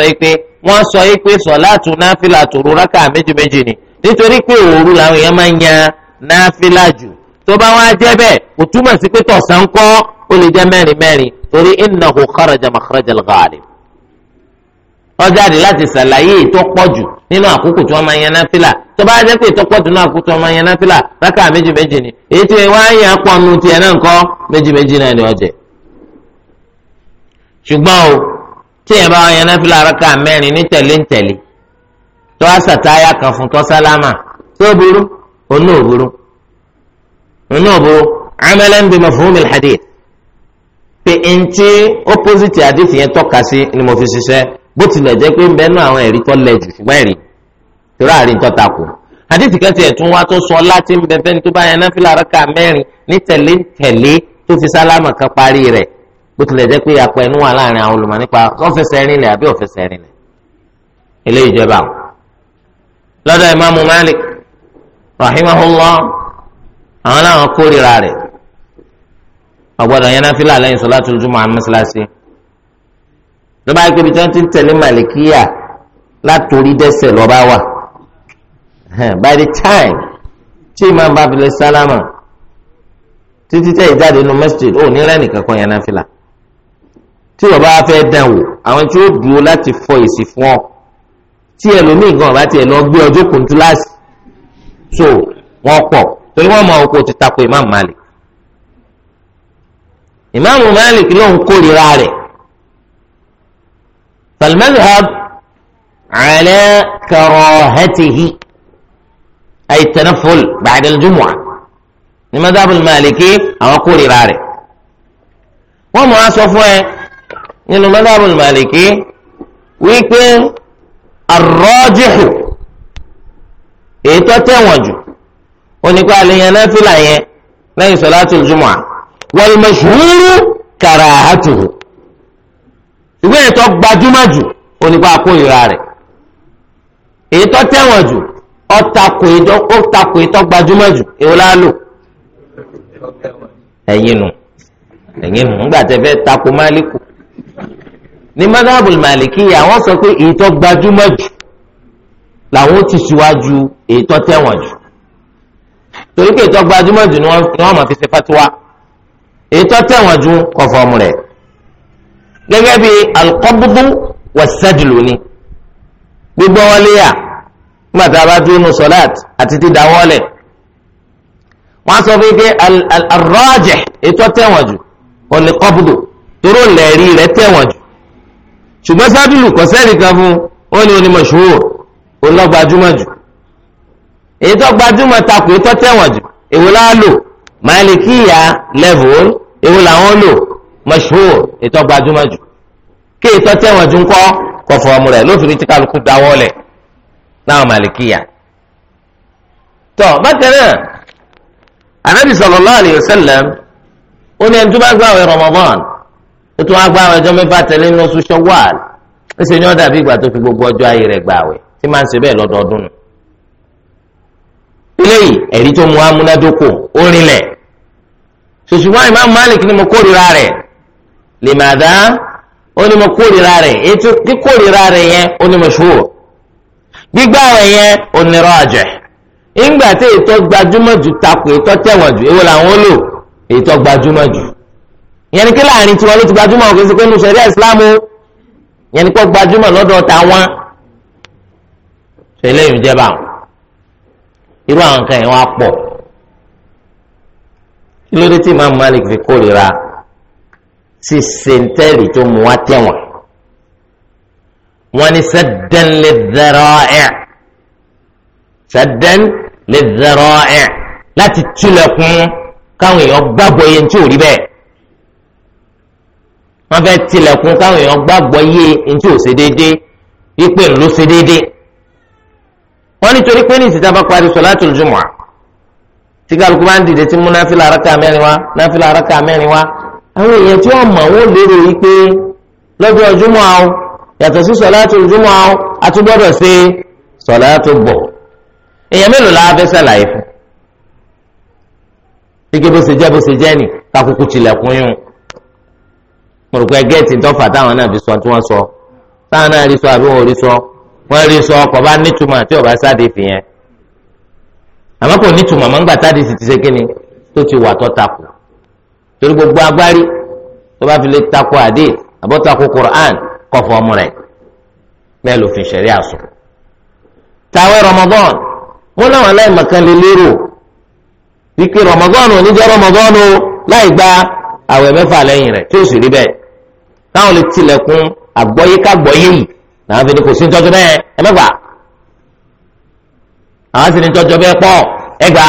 yìí pé wọ́n sọ yìí pé sọ̀láàtù náfìlà tòru rákà méjì méjì ni nítorí pé òru làwọn èèyàn máa ń yan náfìlà jù tó bá wá jẹ́ bẹ́ẹ̀ kò túmọ̀ sí pé tọ̀sán kọ́ ó lè jẹ́ mẹ́rin mẹ́rin torí innahu kharaja makhrajal ghalib. wọ́n jáde láti ṣàlàyé ìtọ́pọ̀jù nínú àkókò tí wọ́n máa yan náfìlà tó bá jẹ́ pé ìtọ́pọ̀jù nínú àkókò tí wọ́n máa yan náfìlà rákà méjì méjì ni èyí tí wọ́n á yàn pọnú tiẹ̀ náà kọ́ méjì méjì náà ni ọ̀jẹ̀. ṣùgbọ́n o tí yẹn bá wọn yẹn náfìlà rákà mẹ́rin ní tẹ̀lé ń tẹ̀lé tó wá sàtáyà kan fún tọ́sálámà tó burú onú òburú onú òburú amalan bi mafhumil hadith pé ntí opposite àdìsí yẹn tọ́ka sí ni mo fi ṣiṣẹ́ bó tilẹ̀ jẹ́ pé ń bẹ́ẹ̀ náà àwọn ẹ̀rí tó lẹ̀ jù ṣùgbọ́n ẹ̀rí torí àárín tó takò àdìsí kan tiẹ̀ tún wá tó sọ láti ń bẹ fẹ́ni tó bá yẹn náfìlà rákà mẹ́rin ní tẹ̀lé ń tẹ̀lé tó fi sálámà kan parí rẹ̀ bó tilẹ̀ jẹ́ pé apẹ̀ inú wà láàrin àwọn olùmọ̀ nípa ọ̀fẹsẹ̀ rinlẹ̀ àbí Ile rinlẹ̀ eléyìí jẹba lọ́dọ̀ ìmáàmù Malik rahimahullah àwọn làwọn kórìíra rẹ̀ ọ̀gbọ́dọ̀ yẹn náà fílà lẹ́yìn sọlá tuntun mọ́ àmì síláṣí tó bá tí wọ́n ti ń tẹ̀lé màlìkíyà látòrí dẹ́sẹ̀ lọ́ba wà by the time tí ìmáà bá sálámà títí ìjáde nínú mẹ́sítírì ní tí wọ́n bá fẹ́ dàn wò àwọn tí ó dúró láti fọ èsì fún ọ tí ẹlòmíì gan ọba tiẹ̀ lọ gbé ọjọ́ kùntù láàsì so wọ́n pọ̀ torí wọ́n mọ oko ti tako imam malik imam malik lóun kórìíra rẹ̀ falmadhab ala karahatihi ay tanaful ba'da al ni madhab al àwọn kórìíra rẹ̀ wọ́n mọ̀ á fún ẹ nínú madhabul Maliki wípé arrajihu èyí tó tẹ̀wọ̀n jù onípa àlèyàn náà fìlà yẹn lẹ́yìn salatul jumu'ah wal mashhuru karahatuhu ìwé ètò gbajúmọ̀ jù onípa àkóyèrà rẹ̀ èyí tó tẹ̀wọ̀n jù ọ̀tàkùn ètò gbajúmọ̀ jù èwo lálò ẹ̀yìn nù ẹ̀yìn nù ńgbà tẹ́ fẹ́ takò máàlíkù ní madhabul malikiya àwọn sọ pé èyí tó gbajúmọ̀ jù làwọn ó ti síwájú èyí tó tẹ̀wọ̀n jù torí pé èyí tó gbajúmọ̀ jù ni wọ́n máa fi ṣe fatuwa èyí tó tẹ̀wọ̀n jù kọ̀ fọ́ọ̀mù rẹ̀ gẹ́gẹ́ bí alqabdu was-sajlu ni gbígbọ́ wọlé yà nígbà tá a bá dúró nu sọ́láàt àti ti dáwọ́lẹ̀ wọ́n sọ pé ar-rajih èyí tó tẹ̀wọ̀n jù òní qabdu torí òǹlẹ̀rí rẹ̀ tẹ̀wọ̀n jù ṣùgbọ́n sádùlù kọ́sẹ́rì kan fún wọn ni onímọ̀ ṣòwò olọ́gbajúmọ̀ jù èyí tó gbajúmọ̀ takò èyí tó tẹ̀wọ̀n jù èwo la lò màálìkíyà level èwo làwọn lò mọ̀ṣòwò èyí tó gbajúmọ̀ jù kí èyí tó tẹ̀wọ̀n jù ń kọ́ kọ̀fọ̀ ọmọ rẹ̀ lófin tí kálukú dáwọ́ lẹ̀ láwọn màálìkíyà tọ́ bákan náà anábì sallallahu alayhi wa ó tún wá gba àwọn ọjọ́ mẹ́fà tẹ̀lé ní oṣù Ṣawwal ó sì ní ọ̀dà bí ìgbà tó fi gbogbo ọjọ́ ayé rẹ̀ gbà wẹ̀ tí máa ń ṣe bẹ́ẹ̀ lọ́dọọdún nù. eléyìí ẹ̀rí tó mú amúnádókò ó rinlẹ̀ ṣùṣùwọ́n Imam Malik ni mo kórìíra rẹ̀ lè má dá ó ní mo kórìíra rẹ̀ ètò kíkórìíra rẹ̀ yẹn ó ní mo ṣòwò gbígbà rẹ̀ yẹn ó ní rọ́ọ̀jẹ̀ ìgbà tí ètò gbajúmọ̀ jù takò ètò tẹ̀wọ̀n jù èwo làwọn ó lò ètò gbajúmọ̀ jù ìyẹn ni kí láàrin tiwọn ló ti gbajúmọ̀ òfin sí pé nù sẹ̀rí ìsìláàmù ìyẹn ni kó gbajúmọ̀ lọ́dọ̀ tàwọn ṣẹlẹ̀ yìí jẹ́ báwọn irú àwọn nǹkan yẹn wá pọ̀ kí ló dé tí Imam Malik fi kórìíra sí sèǹtẹ́ẹ̀lì tó mú wá tẹ̀wọ̀n wọn ni saddan lidhara'i saddan lidhara'i láti tilẹ̀kùn káwọn èèyàn gbàgbọ́ yẹn tí ò rí bẹ́ẹ̀ wọ́n fẹ́ tilẹ̀kùn káwọn èèyàn gbàgbọ́ yé ntí ò ṣe déédéé wípé ńlọ ṣe déédéé wọ́n nítorí pé ní ìsìta bá parí solatul jumu'a tí kálukú bá ń dìde tí mú náfìlà araka mẹ́rin wá náfìlà araka mẹ́rin wá àwọn èèyàn tí wọ́n mọ̀ wọ́n lérò wípé lọ́jọ́ jumu'a àwọn yàtọ̀ sí solatul jumu'a àwọn àtúgbọ́dọ̀ ṣe solatul bọ̀ èèyàn mélòó la fẹ́ sàlàyé fún gẹ́gẹ́ bó ṣe jẹ́ bó ṣe jẹ́ nì kakuku tilẹ̀kùn yún mo rò pé gẹ́ẹ̀tì tọ́fà táwọn náà fi sọ tí wọ́n sọ táwọn náà rí sọ àbí wọn ò rí sọ wọ́n rí sọ ọkọ̀ bá nítumọ̀ àti ọ̀bá sáde fi yẹn àmọ́ kò nítumọ̀ mọ́ ńgbà táde sì ti ṣe kíni tó ti wà tó takò torí gbogbo agbárí tó bá fi lè takò àdé àbọ̀takò Qur'an kọ̀fọ̀ ọmọ rẹ̀ bẹ́ẹ̀ lòfin ṣẹ̀rí àṣọ. tàwé Ramadan wọn làwọn aláìmọ̀kan lè lérò wípé Ramadan ò ní jẹ́ Ramadan o láì gba àwẹ̀ mẹ́fà lẹ́yìn rẹ̀ tí ó sì rí bẹ́ẹ̀ táwọn lè tilẹ̀kùn àgbọ́yé kágbọ́yé yìí làwọn fi ni kò sí tọ́jú bẹ́ẹ̀ ẹ mẹ́fà àwọn sì ni tọ́jú bẹ́ẹ̀ pọ̀ ẹgbà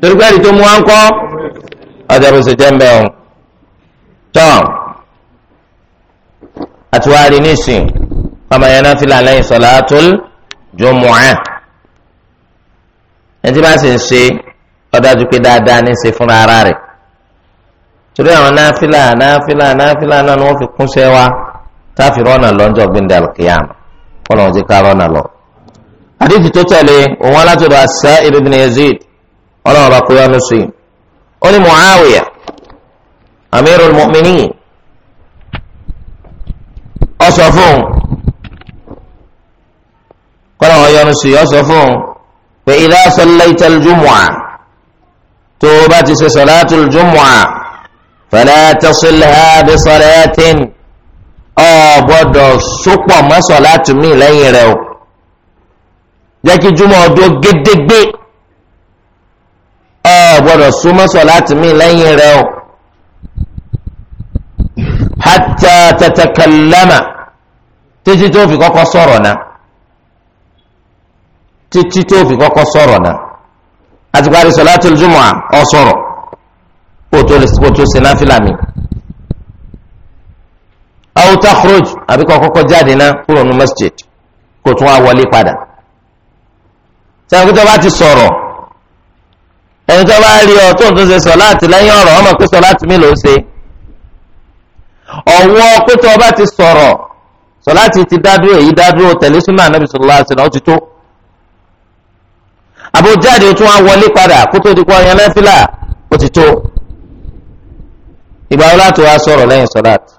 torí pé ẹ̀rí tó mú wa ń kọ́ ọ̀dọ̀ bó ṣe jẹ́ ń bẹ̀ ọ́n tọ́ àtiwárí nísìn ọmọ yẹn náà fi là lẹ́yìn salatul jumu'ah ẹni tí bá sì ń ṣe ó pé dáadáa ní í ṣe fúnra ara rẹ̀. torí àwọn náfìlà náfìlà náfìlà náà ni wọ́n fi kún sẹ́ wa táfi rọ́nà lọ́jọ́ gbẹ̀ndẹ̀ alkiyam kọ́nà òjì ká lọ. àdìsí tó tẹ̀lé òun alátọ̀dọ̀ As-Sa'ib Yazid ọlọ́run ọba kúyọ́ ó ní Muawiya amirul mu'minin ó fún kọ́nà òjì ní sùn ó sọ fún pé fala tasilha bi salatin ọ gbọ́dọ̀ sopọ̀ mọ́ salatu mi lẹ́yìn rẹ̀ o jẹ́ kí júmọ̀ ọdún gédégbé ọ gbọ́dọ̀ súnmọ́ salatu mi lẹ́yìn rẹ̀ o hatta tatakallama títí tó fi kọ́kọ́ sọ̀rọ̀ náà títí tó fi kọ́kọ́ sọ̀rọ̀ náà àti parí salatul jumu'a ọ sọ̀rọ̀ kó o tó lè kó o tó ṣe náfìlà mi. aw takhruj àbí kó o kọ́kọ́ jáde ná kúrò ní masjid kó o tún wá wọlé padà. sẹ́yìn kí tó bá ti sọ̀rọ̀ ẹni tó bá rí ọ tó ń tún ṣe sọ̀láàtì lẹ́yìn ọ̀rọ̀ ọmọ pé sọ̀láàtì mi ló ń ṣe. ọ̀wọ́ pé tó ti sọ̀rọ̀ sọ̀láàtì ti dádúró èyí dádúró tẹ̀lé súnà Ànábì sallallahu alaihi ó ti tó àbójáde tó wá wọlé padà kó tó di kó ọyàn lẹ́fílà ó ti tó ìgbà wo láti wá sọ̀rọ̀ lẹ́yìn sọ̀láàtì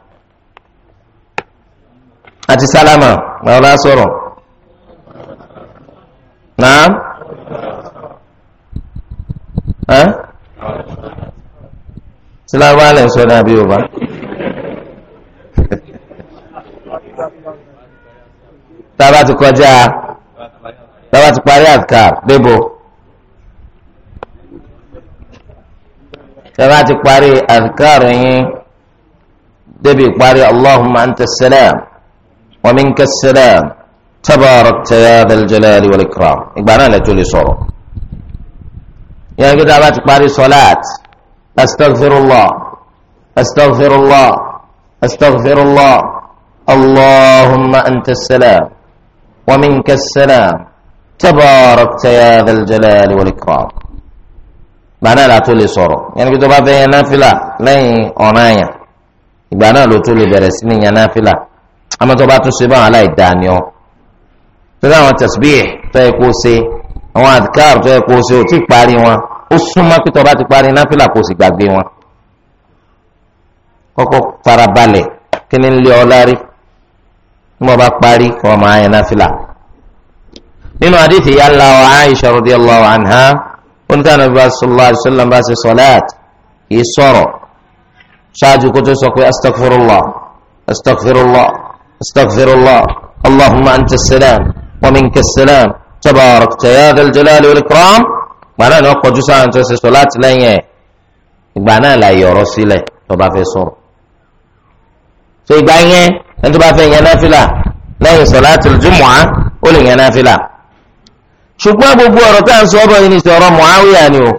àti sálámà ìgbà wo láti sọ̀rọ̀ náà ẹ́ síláwá lẹ̀ sọ ní àbí yorùbá. *laughs* tábà ti kọjá tábà ti parí àtìkà débò. tẹ́lá ti parí àdìkárò yín débi parí allahumma anta salam wa minka salam tabarakta ya dhal jalali wal ikram ìgbà náà lẹ́tọ́ lè sọ̀rọ̀ yẹn kí tẹ́lá ti parí sọ́láàt astagfirullah astagfirullah astaghfirullah allahumma anta salam wa minka salam tabarakta ya dhal jalali wal ikram. ìgbà náà la tó lè sọ̀rọ̀ yẹn níbi tó bá fẹ́ yan náfìlà lẹ́yìn ọ̀ràn àyàn ìgbà náà ló tó lè bẹ̀rẹ̀ sí ní yan náfìlà àmọ́ tó bá tún ṣe báwọn aláìdáni ọ torí àwọn tasbih tó yẹ kó ṣe àwọn adkar tó yẹ kó ṣe ò tí ì wọn ó súnmọ́ pé tó bá ti parí náfìlà kó sì gbàgbé wọn kọ́kọ́ farabalẹ̀ kí ń lé ọ lárí bá parí kọ́ máa yan náfìlà nínú àdìsí yàrá wa Aisha radiyallahu anha oníkànnà bá sallallahu alaihi wasallam bá ṣe sọláàt kì í sọ̀rọ̀ ṣáájú kó tó sọ pé astaghfirullah astaghfirullah astaghfirullah allahumma anta salam wa minka salam tabarakta ya dhal jalali wal ikram gbàdá ni wọn kọjú sáà tó ṣe sọláàt lẹ́yìn ẹ̀ ìgbà náà la yọ̀rọ̀ sílẹ̀ tó bá fẹ́ sọ̀rọ̀ so ìgbà yẹn ẹni tó bá fẹ́ yẹn náfìlà lẹ́yìn sọláàt al-jumu'ah ó lè yẹn náfìlà. ṣùgbọ́n gbogbo ọ̀rọ̀ tá à ń sọ ọ́bọ̀ yìí ni sọ̀rọ̀ ni o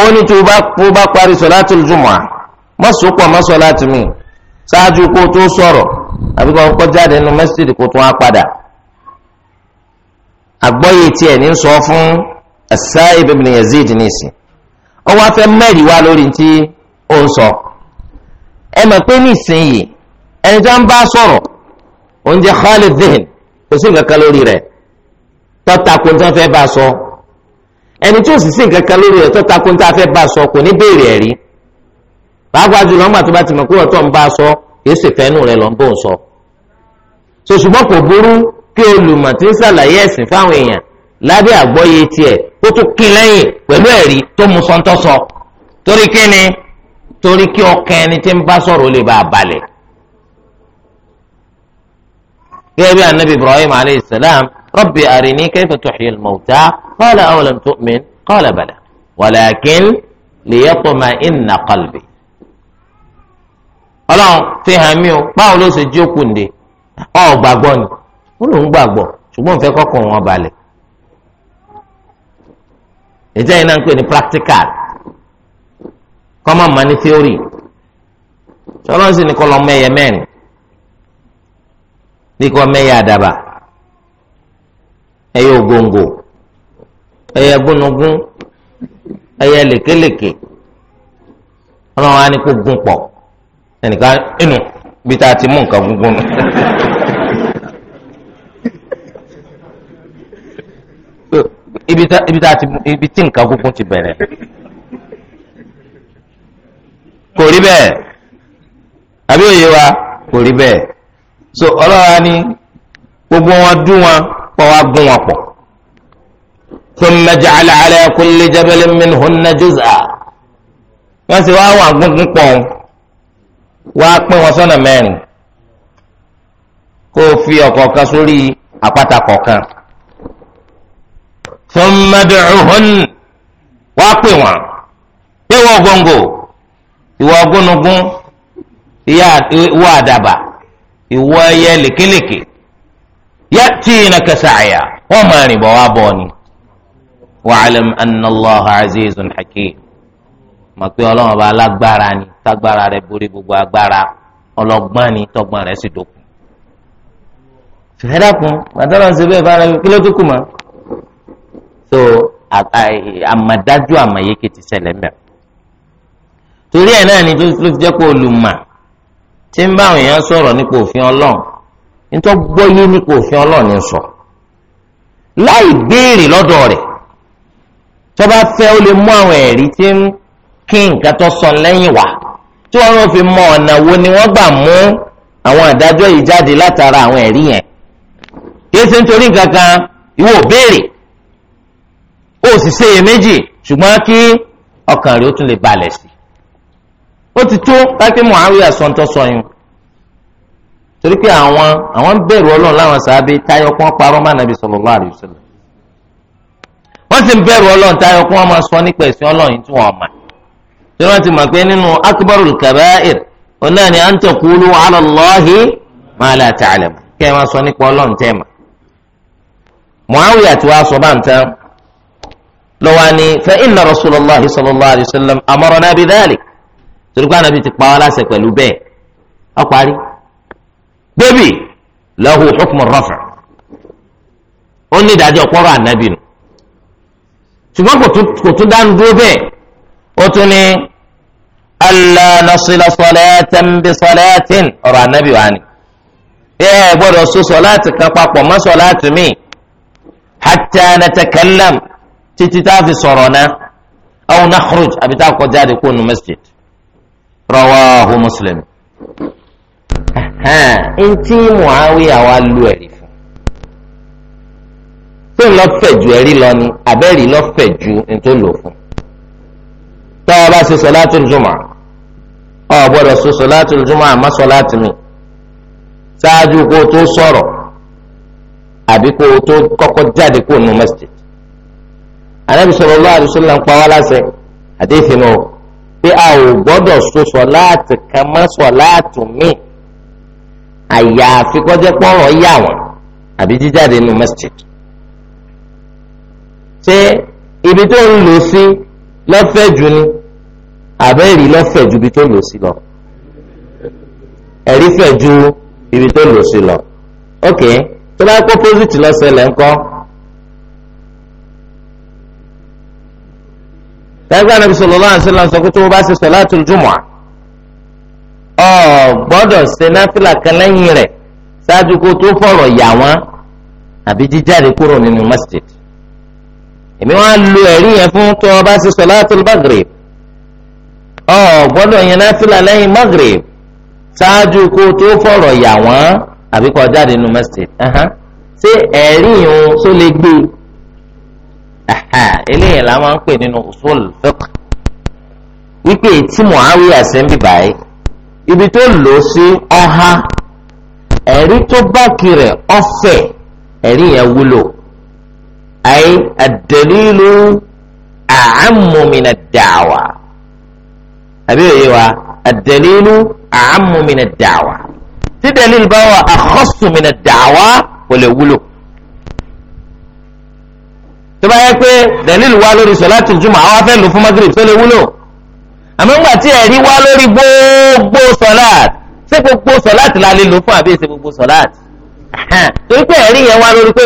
ó ní tó bá kó bá parí solatul jumu'ah mọ́sùpọ̀ mọ́sọ̀ láti mi ṣáájú kó tó sọ̀rọ̀ àbí kọ́ jáde nínú kó tó wá padà àgbọ́yé tiẹ̀ ní sọ fún As-Sa'ib Yazid nìsín ó wá fẹ́ mẹ́rin wá lórí tí ó ń sọ ẹ mọ̀ pé ẹni tọ́takùn tí wọ́n fẹ́ bá sọ ẹni tí ó sì sí nǹkan kan lórí rẹ̀ tọ́takùn tí wọ́n fẹ́ bá sọ kò ní béèrè ẹ̀rí pàápàá jùlọ ńgbà tó bá ti mọ̀ pé ọ̀tọ̀ ń bá sọ kì í sì fẹ́nu rẹ̀ lọ́n bó ń sọ. so ṣùgbọ́n kò burú kí olùmọ̀ tí ń ṣàlàyé ẹ̀sìn fáwọn èèyàn lábẹ́ àgbọ́yé tiẹ̀ kó tó kín lẹ́yìn pẹ̀lú ẹ̀rí tó mu sọ́ńtọ́sọ torí kí ni torí kí ọkàn ẹni tí ń bá sọ̀rọ̀ ó lè bá a balẹ̀ gẹ́gẹ́ bí anabi ibrahim alayhi salam rabbi arini kayfa tuhyi al-mawta qala awalam tu'min qala bala walakin liyatma'inna qalbi. ọlọ́run fi hàn mí o báwo ló ṣe jókòó ǹde ọ gbàgbọ́ ni ó lòún gbàgbọ́ ṣùgbọ́n òun fẹ́ kọ́kọ́ wọn balẹ̀. ìjẹ́ iná ń pè ní practical common man theory ṣọlọ́sìn ni kọ́ lọ́mọ bí kò mẹ́yà àdàbà ẹyẹ ògòǹgò ẹyẹ gúnugún ẹyẹ lèkèlèkè ọlọ́run á ní kó gún pọ̀ ẹnìkan inú bí tá a ti mú nǹkan gúngún nù. *laughs* ibi tí nǹkan gúngún ti bẹ̀rẹ̀ kò rí bẹ́ẹ̀ àbí òye wa kò rí bẹ́ẹ̀ so ọlọ́wà ni gbogbo wọn dún wọn pọ̀ wá gún wọn pọ̀ thumma ja'ala ala kulli jabalin minhunna juz'a wọ́n sì wá wọn gúngún pọ̀ wá pín wọn sọ́nà mẹ́rin kó o fi ọ̀kọ̀ọ̀kan sórí àpáta kọ̀ọ̀kan thumma ud'uhun wá pè wọ́n pé wọ́n gbọ̀ngàn ìwọ ọgúnnugún ìwọ àdàbà ìwọ ẹyẹ lékelèké yatinaka sa'ya wọ́n máa rìn bọ̀ wá bọ̀ ni. wa'lam anna Allaha azizun hakim mọ̀ pé ọlọ́run ọba alágbára ni tágbára rẹ̀ borí gbogbo agbára ọlọ́gbọ́n ni tọ́gbọ́n rẹ̀ sì dókun. fẹ́dàkùn àtàlà ń ṣe bẹ́ẹ̀ fara kí ló tó mọ́. so àmàdájú àmàyékè ti ṣẹlẹ̀ mẹ́rin. torí ẹ̀ náà ni tó ti jẹ́ pé olùmọ̀ tí ń bá àwọn èèyàn sọ̀rọ̀ nípa òfin ọlọ́run nítorí gbọ́yé nípa òfin ọlọ́run ń sọ láì béèrè lọ́dọ̀ rẹ̀ tó bá fẹ́ ó lè mú àwọn ẹ̀rí tí ń kí nǹkan tó sọ lẹ́yìn wá tí wọ́n fi mọ ọ̀nà wo ni wọ́n gbà mú àwọn àdájọ́ yìí jáde látara àwọn ẹ̀rí yẹn kì í nítorí nǹkan kan ìwọ béèrè ó sì ṣeyè méjì ṣùgbọ́n kí ọkàn rẹ̀ ó tún lè balẹ̀ sí ó ti tó kápẹ́ Muawiya sọ̀ǹtọ̀ sọ̀yìn torí pé àwọn àwọn ń bẹ̀rù ọlọ́run láwọn sàábé táyọ̀ pọ́n parọ́ má nàbí sallallahu wọ́n sì ń bẹ̀rù ọlọ́run táyọ̀ máa sọ nípa ẹ̀sìn ọlọ́run tí wọ́n tí wọ́n ti mọ̀ pé nínú ala Allahi ma máa Muawiya torí pé ànábì ti pa wá láṣẹ pẹ̀lú bẹ́ẹ̀ ọ parí bébì lahu hukmu rafa ó ní ìdájọ́ pọ́rọ̀ ànábì nù ṣùgbọ́n kò tún dá ń dúró bẹ́ẹ̀ ó tún ní alla nasila salatan bi salatin ọ̀rọ̀ ànábì wa ni ẹ gbọ́dọ̀ so sọláàtì kan papọ̀ mọ́ sọláàtì míì hatta natakallam títí tá a fi sọ̀rọ̀ náà aw nakhruj àbí tá a kó nu masjid rawahu muslim ntí muawiya wa lu ẹ̀rí fún tó ń lọ fẹ̀ ju ẹ̀rí lọ ni abẹ́rì lọ fẹ̀ ju ntó lò fún tó o bá ṣe sọláàtì jùmọ̀ ọ gbọ́dọ̀ ṣe sọláàtì jùmọ̀ àmọ́ sọláàtì mi ṣáájú kó o tó sọ̀rọ̀ àbí kó o tó kọ́kọ́ jáde kó o nu mẹ́sítì anabi sallallahu alaihi wasallam ń pa wá láṣẹ àdéhìí náà pé a ò gbọ́dọ̀ so sọ̀láàtì kan mọ́ sọ̀láàtì míì àyàfi kọjá pọ́nrọ̀ yà wọ́n àbí jíjáde nínú masjid. ṣé ibi tó ń lò sí lọ́fẹ̀ jù ni àbẹ́rì lọ́fẹ̀ ju ibi tó lò sí lọ ẹ̀rí fẹ̀ ju ibi tó lò sí lọ. ok tó bá kó pósìtì lọ ṣẹlẹ̀ lẹ́gbẹ́ anabi sallallahu alaihi wasallam sọ pé tó o bá ṣe salatul jumu'ah ọ gbọ́dọ̀ ṣe náfìlà kan lẹ́yìn rẹ̀ ṣáájú kó tó fọ̀rọ̀ yà wọ́n àbí jíjáde kúrò nínú masjid èmi wá lo ẹ̀rí yẹn fún tó o bá ṣe salatul maghrib ọ gbọ́dọ̀ yẹn náfìlà lẹ́yìn maghrib ṣáájú kó tó fọ̀rọ̀ yà wọ́n àbí kó nínú masjid ṣé ẹ̀rí yẹn tó lè gbé e eléyìí la máa ń pè nínú usul fiqh wípé tí Muawiya ṣe ń bì báyìí ibi tó lò ó sí ọha ẹ̀rí tó bá kiri ọ̀fẹ́ ẹ̀rí yẹn wúlò ayé ad-dalilu a'ammu min ad-da'wa àbí òye wa ad-dalilu a'ammu tí dalilu bá wà akhassu min kò lè wúlò tó bá yẹ pé dẹ̀líl wá lórí sọ̀láàtì jùmọ̀ àwọn afẹ́ lò fún magrib tó lè wúlò àmọ́ ńgbà tí ẹ̀rí wá lórí gbogbo sọ̀láàtì ṣé gbogbo sọ̀láàtì la lè lò fún àbí ṣe gbogbo sọ̀láàtì torí pé ẹ̀rí yẹn wá lórí pé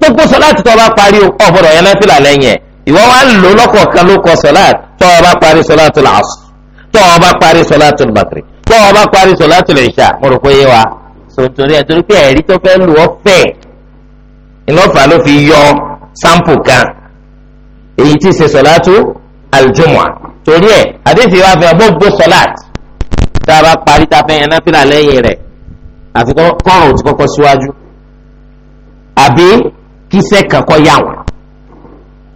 gbogbo sọ̀láàtì tó bá parí o gbọ́dọ̀ yẹn náà fìlà lẹ́yìn ẹ̀ ìwọ wá ń lò lọ́kọ̀ọ̀kan ló kọ sọ̀láàtì tó bá parí sọ̀láàtì làásù tó bá parí sọ̀láàtì magrib sampo kan èyí tí ṣe sọ̀látù aljumua torí ẹ̀ àdéhùn wa fi hàn gbogbo sọ̀lát tá a bá parí tá a fẹ́ yan náfìlà lẹ́yìn rẹ̀ àfi kọ́rùn ò ti kọ́kọ́ síwájú àbí kíṣẹ́ kankan yà wọ́n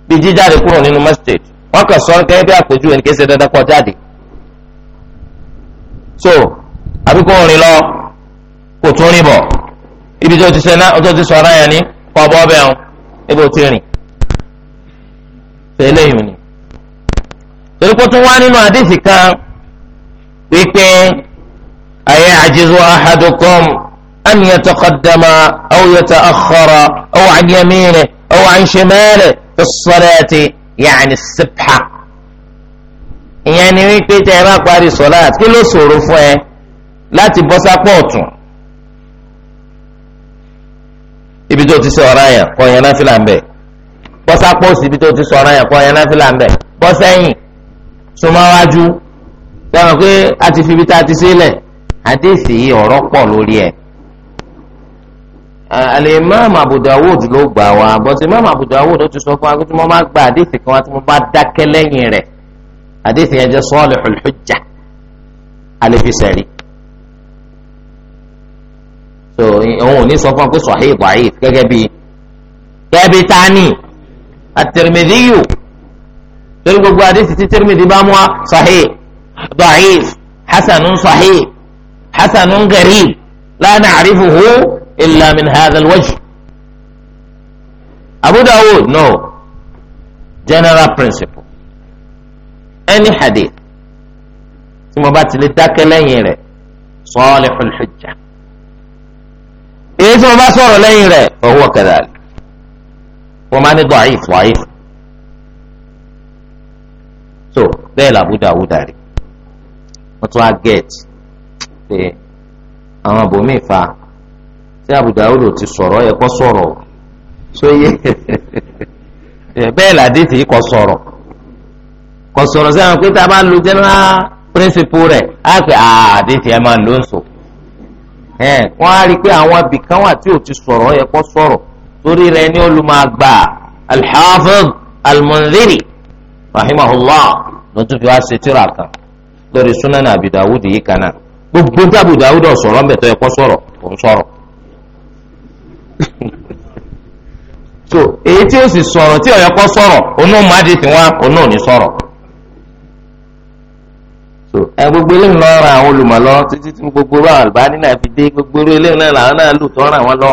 bí jíjáde kúrò nínú masjid wọ́n kàn sọ kẹ́ bí àpèjúwe ní kéṣe dandan kọ jáde so àbí kò rìn lọ kò tún rìn bọ̀ ibi tó ti sọ náà yẹn ni kọ́ bọ́ bẹ́ẹ̀ o ebo ti rìn tẹ́lẹ̀ yìí ni torí kó tún wá nínú àdìsí kan wípé ayé àjẹsọ ahadukum an yataqaddama aw yata'akhkhara aw an yaminihi aw an shimalihi fi salati ya'ni sibha ìyẹn ni wípé tẹ́ ẹ bá parí sọlá kí ló ṣòro fún ẹ láti bọ́ sápọ̀ ọ̀tún ibi tó ti ṣe ọ̀ràn yẹn kọ́ yẹn náfìlà ń bẹ̀ bọ́sápọ́ọ̀sì ibi tó ti ṣe ọ̀ràn yẹn kọ́ yẹn náfìlà ń bẹ̀ bọ́sẹ́yìn súnmọ́wájú dáhùn pé a ti fi ibi tá a ti sílẹ̀ àdéhìsì yìí ọ̀rọ̀ pọ̀ lórí ẹ̀. Al-Imam Abu Dawud ló gbà wá bọ́sẹ̀ Imam Abu Dawud ó ti sọ fún wa pé tí mo máa gba àdéhìsì kan wá tí mo bá dákẹ́ lẹ́yìn rẹ̀ àdéhìsì yẹn jẹ́ Salihul Hujjah àlefisẹ̀rí tó òun ò ní sọ fún ọ pé sahih da'if gẹ́gẹ́ bíi gẹ́gẹ́ bíi tani at-Tirmidhiyu torí gbogbo àdìsí tí Tirmidhi bá mú wa sahih da'if hasanun sahih hasanun gharib la na'rifuhu illa min hadha al-wajh. Abu Dawud no general principle any hadith tí mo bá ti lè dákẹ́ lẹ́yìn rẹ̀ salihul hujjah. èyí tí mo bá sọ̀rọ̀ lẹ́yìn rẹ̀ ọwọ́ kẹ̀dà wọ́n máa ní da'if da'if so bẹ́ẹ̀ làbú dàwúdà rí wọ́n tún á gẹ̀t pé àwọn àbòmíì fa tí Abu Dawud ti sọ̀rọ̀ yẹ kó sọ̀rọ̀ sóyè *laughs* bẹ́ẹ̀ làdí tì í kó sọ̀rọ̀ kó sọ̀rọ̀ sẹ́wọ̀n pé tá a bá lu general principle rẹ̀ á pè àdìtì ah, ẹ̀ máa ló ń wọ́n ari á rí i pé àwọn abìkan wà tí ò ti sọ̀rọ̀ ẹ kọ sọ̀rọ̀ torí rẹ̀ ní olùmọ̀gbà alḥafiz almunziri rahimahullah ló tún fi wá ṣe kan lórí sunan abi yìí kan gbogbo tí abu ọ̀sọ̀rọ̀ mbẹ̀tọ̀ ẹ ọ sọ̀rọ̀ kò ń sọ̀rọ̀ *laughs* so èyí tí ó sì sọ̀rọ̀ tí sọ̀rọ̀ onú onú ò so ẹ gbogbo eléyìí náà ra àwọn lọ títí tí gbogbo wa náà fi dé gbogbo eléyìí náà làwọn náà lù tó ràn wọn lọ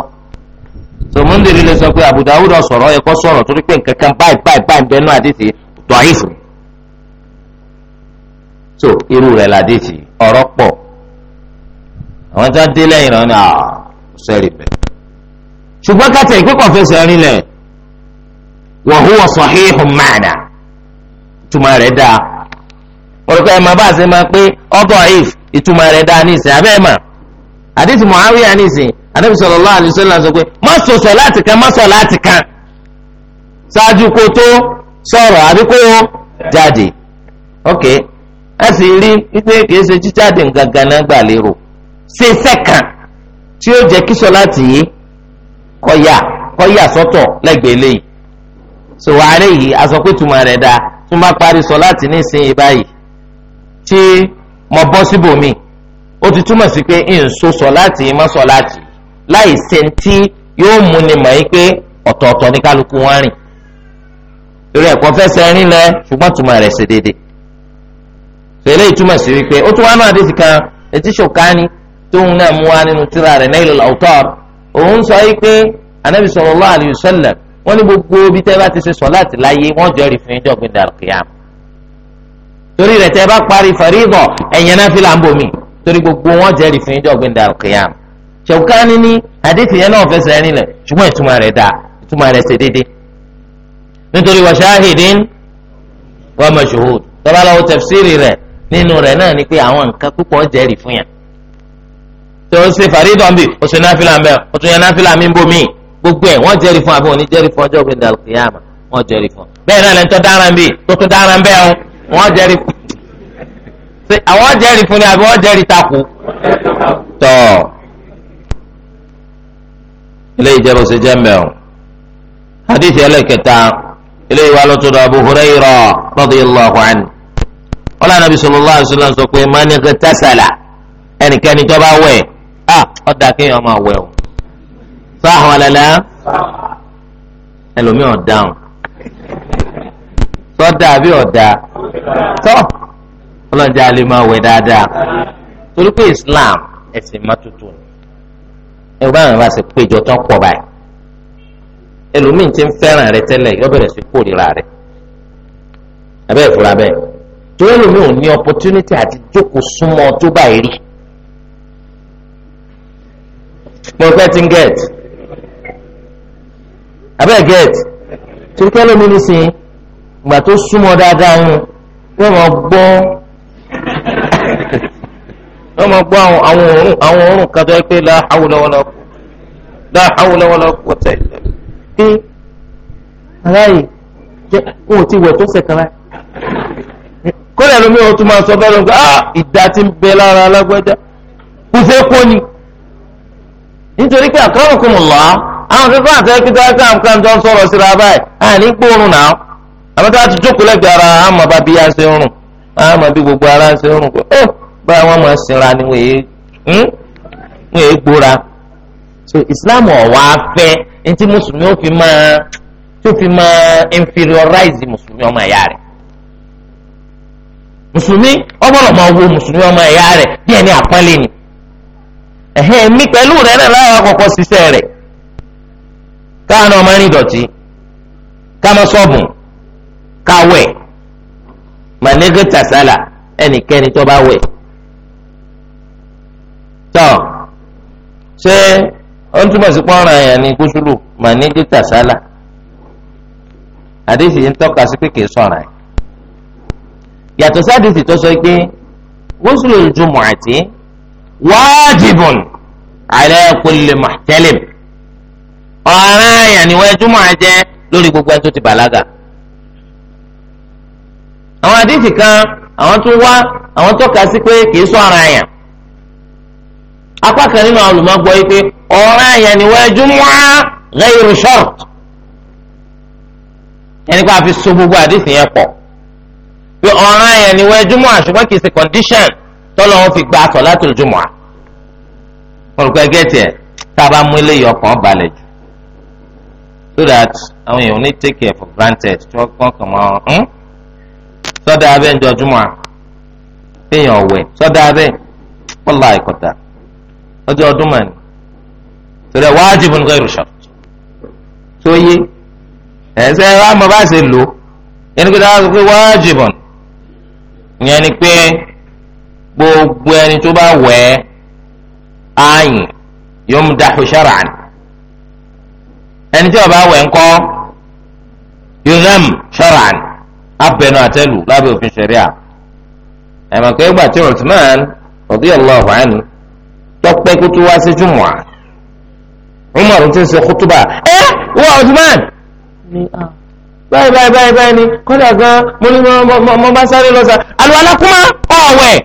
so múndìrí le sọ pé Abu Dawud sọ̀rọ̀ ẹ̀kọ́ sọ̀rọ̀ torí pé nǹkan kan báyìí báyìí báyìí bẹ́ẹ̀ náà àdéhìí tó ayé so irú rẹ̀ ọ̀rọ̀ pọ̀ àwọn tí wọ́n dé lẹ́yìn náà ni ah, sẹ́rì mọ̀rọ̀kọ́ ẹ̀ máa bá a ṣe máa pé ọgọ́ if ìtumọ̀ rẹ̀ dáa ní ìsìn abẹ́ mà àdìsí Muawiya ní ìsìn Ànábì sallallahu alaihi wasallam sọ pé má sọ̀sọ̀ láti kan má sọ̀ láti kan ṣáájú ok ẹ sì rí wípé kìí ṣe jíjáde nǹkan ganan gbà lérò ṣe sẹ́kàn tí ó jẹ́ kí sọ láti yìí kọ́yà kọ́yà sọ́tọ̀ lẹ́gbẹ̀ẹ́ lẹ́yìn sọ yìí aṣọ pé rẹ̀ dáa tún tí mo bọ́ síbòmí ó ti túmọ̀ sí pé n so sọ láti yìí má sọ láti láì ṣe yóò mú ni mọ̀ yín pé ọ̀tọ̀ọ̀tọ̀ ní kálukú wọn rìn torí ẹ̀kọ́ fẹsẹ̀ rìn lẹ ṣùgbọ́n túmọ̀ rẹ̀ ṣe déédéé tẹ̀lé ìtumọ̀ sí wípé ó tún wá náà àdéhùn kan etí ṣòkání tóun náà mú wá nínú tírà rẹ̀ Nailul Awtar òun sọ wípé anabi sallallahu alayhi wa wọ́n ní gbogbo bí tẹ́ bá ti ṣe sọ láti láyé wọ́n jẹ́rìí fún yín jọ́gbìn torí rẹ̀ tẹ́ bá parí faridọ̀ ẹ̀yẹn náà fi là ń bomi torí gbogbo wọn jẹ́rìí fún ìjọ gbẹ̀ndà kìyàm. Ṣawkani ní hadithi yẹn náà fẹsẹ̀ nílẹ̀ ṣùgbọ́n ìtumọ̀ rẹ̀ dáa ìtumọ̀ rẹ̀ ṣe déédéé. nítorí wa shahidin wa mashhud tọ́ba lọ́wọ́ tafsiri rẹ̀ nínú rẹ̀ náà ni pé àwọn nǹkan púpọ̀ jẹ́rìí fún yẹn. tó o ṣe faridọ̀ bí o ṣe náfìlà mbẹ́ o tún yẹn náfìlà mi ń bomi gbogbo ẹ̀ wọ́n jẹ́rìí fún àbí wọn jẹ́rìí fún ọjọ́ gbẹ̀ndà kìyàm wọ́n jẹ́rìí fún. bẹ́ẹ̀ náà lẹ́ńtọ́ wọ́n jẹ́rìí fún ṣe àwọn jẹ́rìí fún ni àbí wọ́n jẹ́rìí takò tọ́ ilé ìjẹ́bù sí jẹ́mbẹ̀ o hadith ẹlẹ́kẹta ilé ìwà lọ́tọ́dọ̀ Abu Hurairah radiyallahu anhu wọ́n lànà bí sallallahu alaihi wasallam sọ pé man ightasala ẹnikẹ́ni tó bá wẹ̀ ah, á ọ̀dà kéèyàn máa wẹ̀ o sáà wàlẹ́lẹ́ ẹlòmíràn dáhùn. sọ́dà àbí ọ̀dà tọ́ ọlọ́jà lè máa wẹ̀ dáadáa torí pé Islam ẹ̀sìn mọ́tótó ni ẹ bá àwọn àṣẹ péjọ tán pọ̀ báyìí ẹlòmíín ti ń fẹ́ràn rẹ tẹ́lẹ̀ yóò bẹ̀rẹ̀ sí kórìíra rẹ abẹ́ ìfura bẹ́ẹ̀ torí ẹlòmíín ò ní opportunity àti jókòó súnmọ́ tó báyìí rí mo fẹ́ ti ń gẹ̀ẹ́tì abẹ́ gẹ̀ẹ́tì torí kẹ́lómi ní sìn ìgbà tó súnmọ́ dáadáa yín wọ́n máa gbọ́ wọ́n máa gbọ́ àwọn òórùn àwọn òórùn kan tó yẹ pé la hawla wala quwwata la pé aláyè jẹ́ kó o ti wẹ̀ tó sẹ̀kan láì kódà lómi máa sọ ah, ìdá ti ń bẹ lára alágbájá kúfẹ́ kó ni nítorí pé àkàrà kò mọ̀ lọ́wọ́ àwọn akẹ́kọ̀ọ́ àti ẹ̀kí tó wá sí àǹkan tó ń sọ̀rọ̀ amata a ti jókòó lẹ́gbẹ̀ẹ́ ara àmọ́ bá bí a rùn àmọ́ bí gbogbo ara ṣe rùn pé ó báyà wọ́n máa sinra ni wọ́n hmm? so Islam ọ̀wá fẹ́ nti Musulmi mùsùlùmí ó fi máa tó fi máa inferiorize mùsùlùmí ọmọ ẹ̀yà rẹ̀ mùsùlùmí ọgbọ́dọ̀ máa wo mùsùlùmí ọmọ ẹ̀yà rẹ̀ bí ẹni àpọ́nlé ni ẹ̀hẹ́n mi pẹ̀lú rẹ̀ náà láwọn àkọ́kọ́ ṣiṣẹ́ rẹ̀ káwọn ọmọ rìn dọ̀tí káwẹ̀ mọ̀nẹ́gẹ́ tàṣálà ẹnikẹ́ni tó bá wẹ̀. tọ́ ṣé ó ń túbọ̀ sí pọ́nrán ẹ̀yàn ní gúúsùlù mọ̀nẹ́gẹ́ tàṣálà àdéhìí ń tọ́ka sí pé kìí sọ̀ràn ẹ̀. yàtọ̀ sádìsì tó sọ pé gúúsùlù jumu'ati wájibun ala kulli muhtalim ọ̀ràn ẹ̀yàn ni wọ́n jùmọ̀ àjẹ́ lórí gbogbo ẹni tó ti bàlágà àwọn àdìsí kan àwọn tún wá àwọn tọ́ka sí pé kì í sọ ara yàn apá kan nínú àwọn olùmọ̀gbọ́ yìí pé ọ̀ràn yẹn ni wọ́n júmọ́ ghayru shart ẹni pé a fi so gbogbo àdìsí yẹn pọ̀ pé ọ̀ràn yẹn ni wọ́n júmọ́ àṣùgbọ́n kì í ṣe condition tọ́lọ́ wọn fi gba àtọ̀ láti júmọ́ à olùkọ́ ẹgẹ́ tiẹ̀ tá a bá mú eléyìí ọkàn balẹ̀ jù so that àwọn èèyàn ò ní take care for granted tí wọ́n kàn máa ń. Hmm? sọ́dà abẹ́ ń jọjúmọ́ à kéèyàn ọ̀wẹ̀ sọ́dà abẹ́ wọ́lá ìkọ̀tà ọjọ́ ọdún mọ̀ ni torí ẹ̀ wájibun ghayru shart tó yé ẹ̀sẹ̀ wa mọ̀ bá ṣe lò yẹn ni pé dáhà sọ pé wájibun yẹn ni pé gbogbo ẹni tó bá wẹ̀ ẹ́ ààyè yumdahu shar'an ẹni tí ó bá wẹ̀ ńkọ́ yudham shar'an abẹnu àtẹlù lábẹ́ òfin ṣẹ̀ríà ẹ̀mọ̀ pé ìgbà tí Uthman radiyallahu anhu tọ́pẹ́ kó tó wá sí jùmọ̀ à Umar ti ń ṣe kútúbà ẹ wọ Uthman báyìí báyìí báyìí báyìí ni kọ́dà gan mo ní mo bá sáré lọ sa àlọ́ alákùnmá ọ̀wẹ̀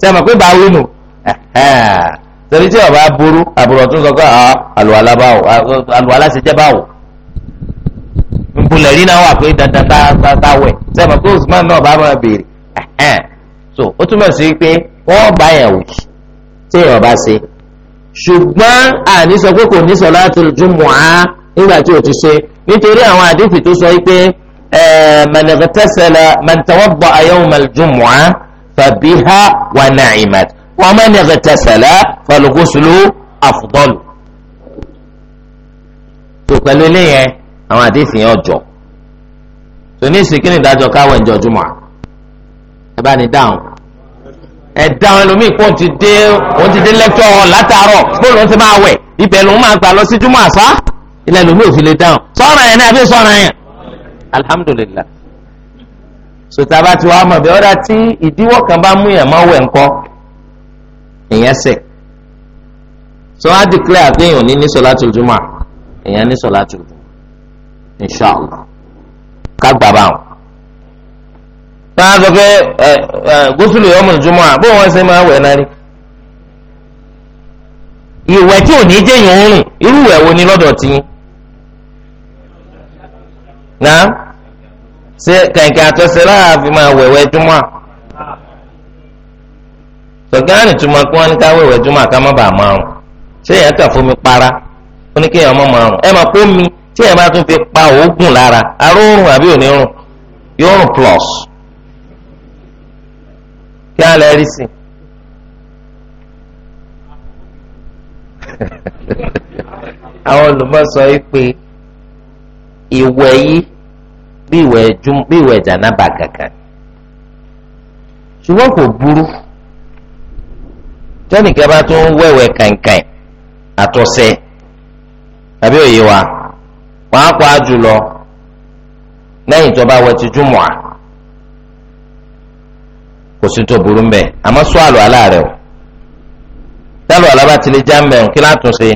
sẹ́mi *laughs* pé bá wínú torí tí ọba burú àbúrò tó ń sọ pé àlọ́ alábáwò báwò nbùlẹ̀ rí náà wà pé dandan tá tá wẹ̀ sẹ́mi pé Usman náà bá máa béèrè so ó túmọ̀ sí pé wọ́n bá yẹn wù tí èèyàn bá ṣe ṣùgbọ́n àní sọ pé kò ní salatul jumu'ah nígbà tí o ti ṣe nítorí àwọn àdìsí tó sọ pé man ightasala man tawadda'a yawmal jumu'ah fabiha wa na'imat wa man ightasala fal ghuslu afdalu àwọn àdéhìsì yẹn ọjọ́ tòní ìsìnkí ni ìdájọ́ káwọ ẹjọ jùmọ ẹ bá ní dáhùn ẹ dáhùn ẹlòmíì pọ̀ ti dé òun ti dé lẹ́kítọ̀ látàárọ̀ bóòlù ti máa wẹ̀ ibẹ̀ lòun máa gbà lọ sí jùmọ̀ àṣá ilẹ̀ ẹlòmíì ò fi lè dáhùn sọ̀rọ̀ yẹn ni àbí sọ̀rọ̀ yẹn alhamdulillah sotaba ti wàá mọ̀ bí ọ̀dà tí ìdíwọ́ kan bá mú yàn máa wẹ̀ ńkọ́ ìyẹn sẹ̀ so wọ́n á declare pé èèyàn ní ní sọ̀látùl jùmọ̀ èèyàn ní sọ̀látùl jùmọ̀. inshàlá ká gbà bá wọn. náà sọ pé gúúsùlù yọmọ ìjùmọ̀ à bó wọn ṣe máa wẹ̀ náà rí. ìwẹ̀ tí ò ní jẹ́yìn oorun irú ìwẹ̀ wo ni lọ́dọ̀ náà ṣe kẹ̀kẹ́ àtọ́sẹ̀ láàfin máa wẹ̀wẹ̀ à. kí wọ́n ní ká wẹ̀wẹ̀ à ká má bàa ṣé kà fún mi para ó ní kéèyàn tí ẹ bá tún fi pa òógùn lára arórùn àbí onírùn yóò rùn plus kí á lè rí sí i. *laughs* àwọn olùmọ̀sọ yìí pé ìwẹ̀ yìí bí ìwẹ̀ jùm bí ìwẹ̀ kankan ṣùgbọ́n kò burú jọ́nìkẹ́ bá tún wẹ̀wẹ̀ pàápàá jùlọ lẹ́yìn tó bá wẹ̀ ti júmọ̀ à kò sí tó burú mbẹ àmọ́ sọ àlọ́ àlá rẹ o tálọ̀ àlá bá ti lè já mbẹ kí látúnṣe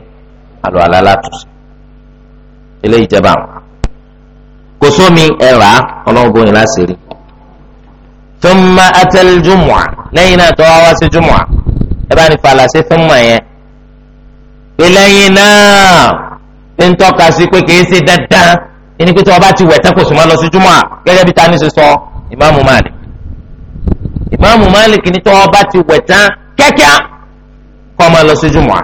àlọ́ àlá látúnṣe ilé ìjẹba àwọn kò sómi ẹ̀rà ọlọ́gbọ́n yìí láti rí thumma atal jumu'a lẹ́yìn náà tó wá wá sí jumu'a ẹ bá ní falà sí thumma yẹn pé lẹ́yìn náà ń si sí pé kìí ṣe dandan ẹni pé tí wọ́n bá ti wẹ̀ tán kò sì máa lọ sí júmọ́ à gẹ́gẹ́ bí tani ṣe sọ ìmáàmù Malik ìmáàmù Malik ní tí wọ́n bá ti wẹ̀ tán kẹ́kẹ́ kọ́ máa lọ sí júmọ́ à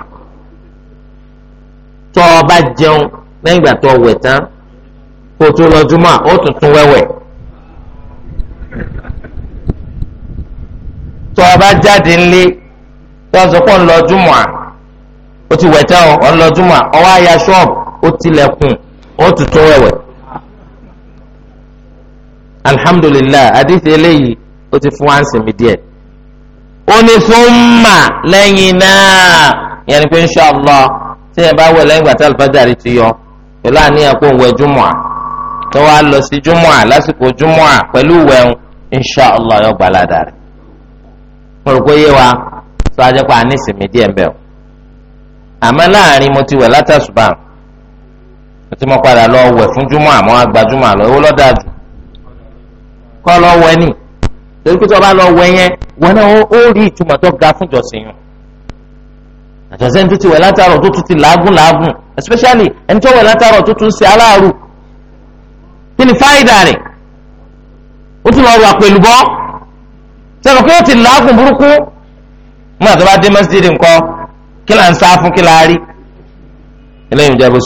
tọ́ ọ bá jẹun lẹ́yìn tó wẹ̀ tán kó tó lọ júmọ́ à ó tuntun wẹ́wẹ́ tọ́ ọ bá jáde ńlé tọ́ ọ sọ pé ó ń lọ júmọ́ à ó ti wẹ̀ tán ó ń lọ júmọ́ à ó wá ya ṣọ́ọ̀bù ó tilẹ̀kùn ó tutù ẹ̀wẹ̀. alhamdulilayi àdìsí eléyìí ó ti fún wa díẹ̀. ó ní summa lẹ́yìn náà yẹn ni pé inṣàlá tí ẹ bá wẹ̀ lẹ́yìn gbàtà ti yọ pẹ̀lú àníyàn kó ń wẹ̀ júmọ̀à tó wàá lọ sí júmọ̀à lásìkò pẹ̀lú wẹ̀hún gbàládà rẹ̀. mo rò pé yé wa sọ ajẹ́pọ̀ àníṣìmí díẹ̀ ń bẹ̀ o àmọ́ láàrin mo ti tí mo padà lọ wẹ̀ fún júmọ̀ àmọ́ agbájúmọ̀ àlọ́ owó lọ́dà jù kọ́ lọ wẹ̀ ni torí pé tí wọ́n bá lọ wẹ̀ yẹn wọ́n náà ó rí ìtumọ̀ tó ga fún ìjọsìn yẹn àjọsẹ́ tó ti wẹ̀ látàrọ̀ tó tún ti làágùn làágùn especially ẹni tó wẹ̀ látàrọ̀ tó tún ṣe aláàrù kí ni fáìdà rẹ̀ ó tún lọ rọ àpèlúbọ́ sẹ́nu pé ó ti làágùn burúkú mú àtọ́ bá dé mẹ́sídìrì nǹkan kí là ń sá fún kí là á rí eléyìí ń jẹ́ bó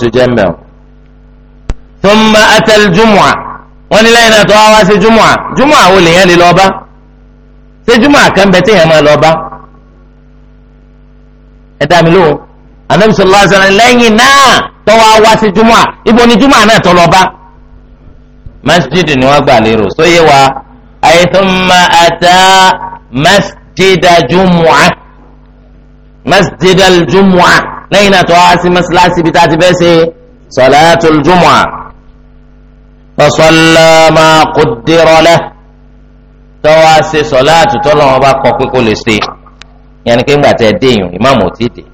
thumma atal jumu'a wọ́n ní lẹ́yìn náà tó wá wá sí jumu'a jumu'a wo lèyàn lè lọ bá ṣé jumu'a kan bẹ téèyàn máa lọ bá ẹ dá mi lóhùn anabi sallallahu alaihi wasallam náà tó wá wá sí jumu'a ibo ni jumu'a náà tó lọ bá masjid ni wọ́n gbà lérò sóyè wa ayé thumma ata masjid jumu'a masjid jumu'a lẹ́yìn náà tó wá sí masalasi bí tá ti bẹ́ ṣe salatul jumu'a. فصلى ما قدر له تواسي صلاة تولى وبا كوكي كل سي يعني كيما تدين إمام تيدي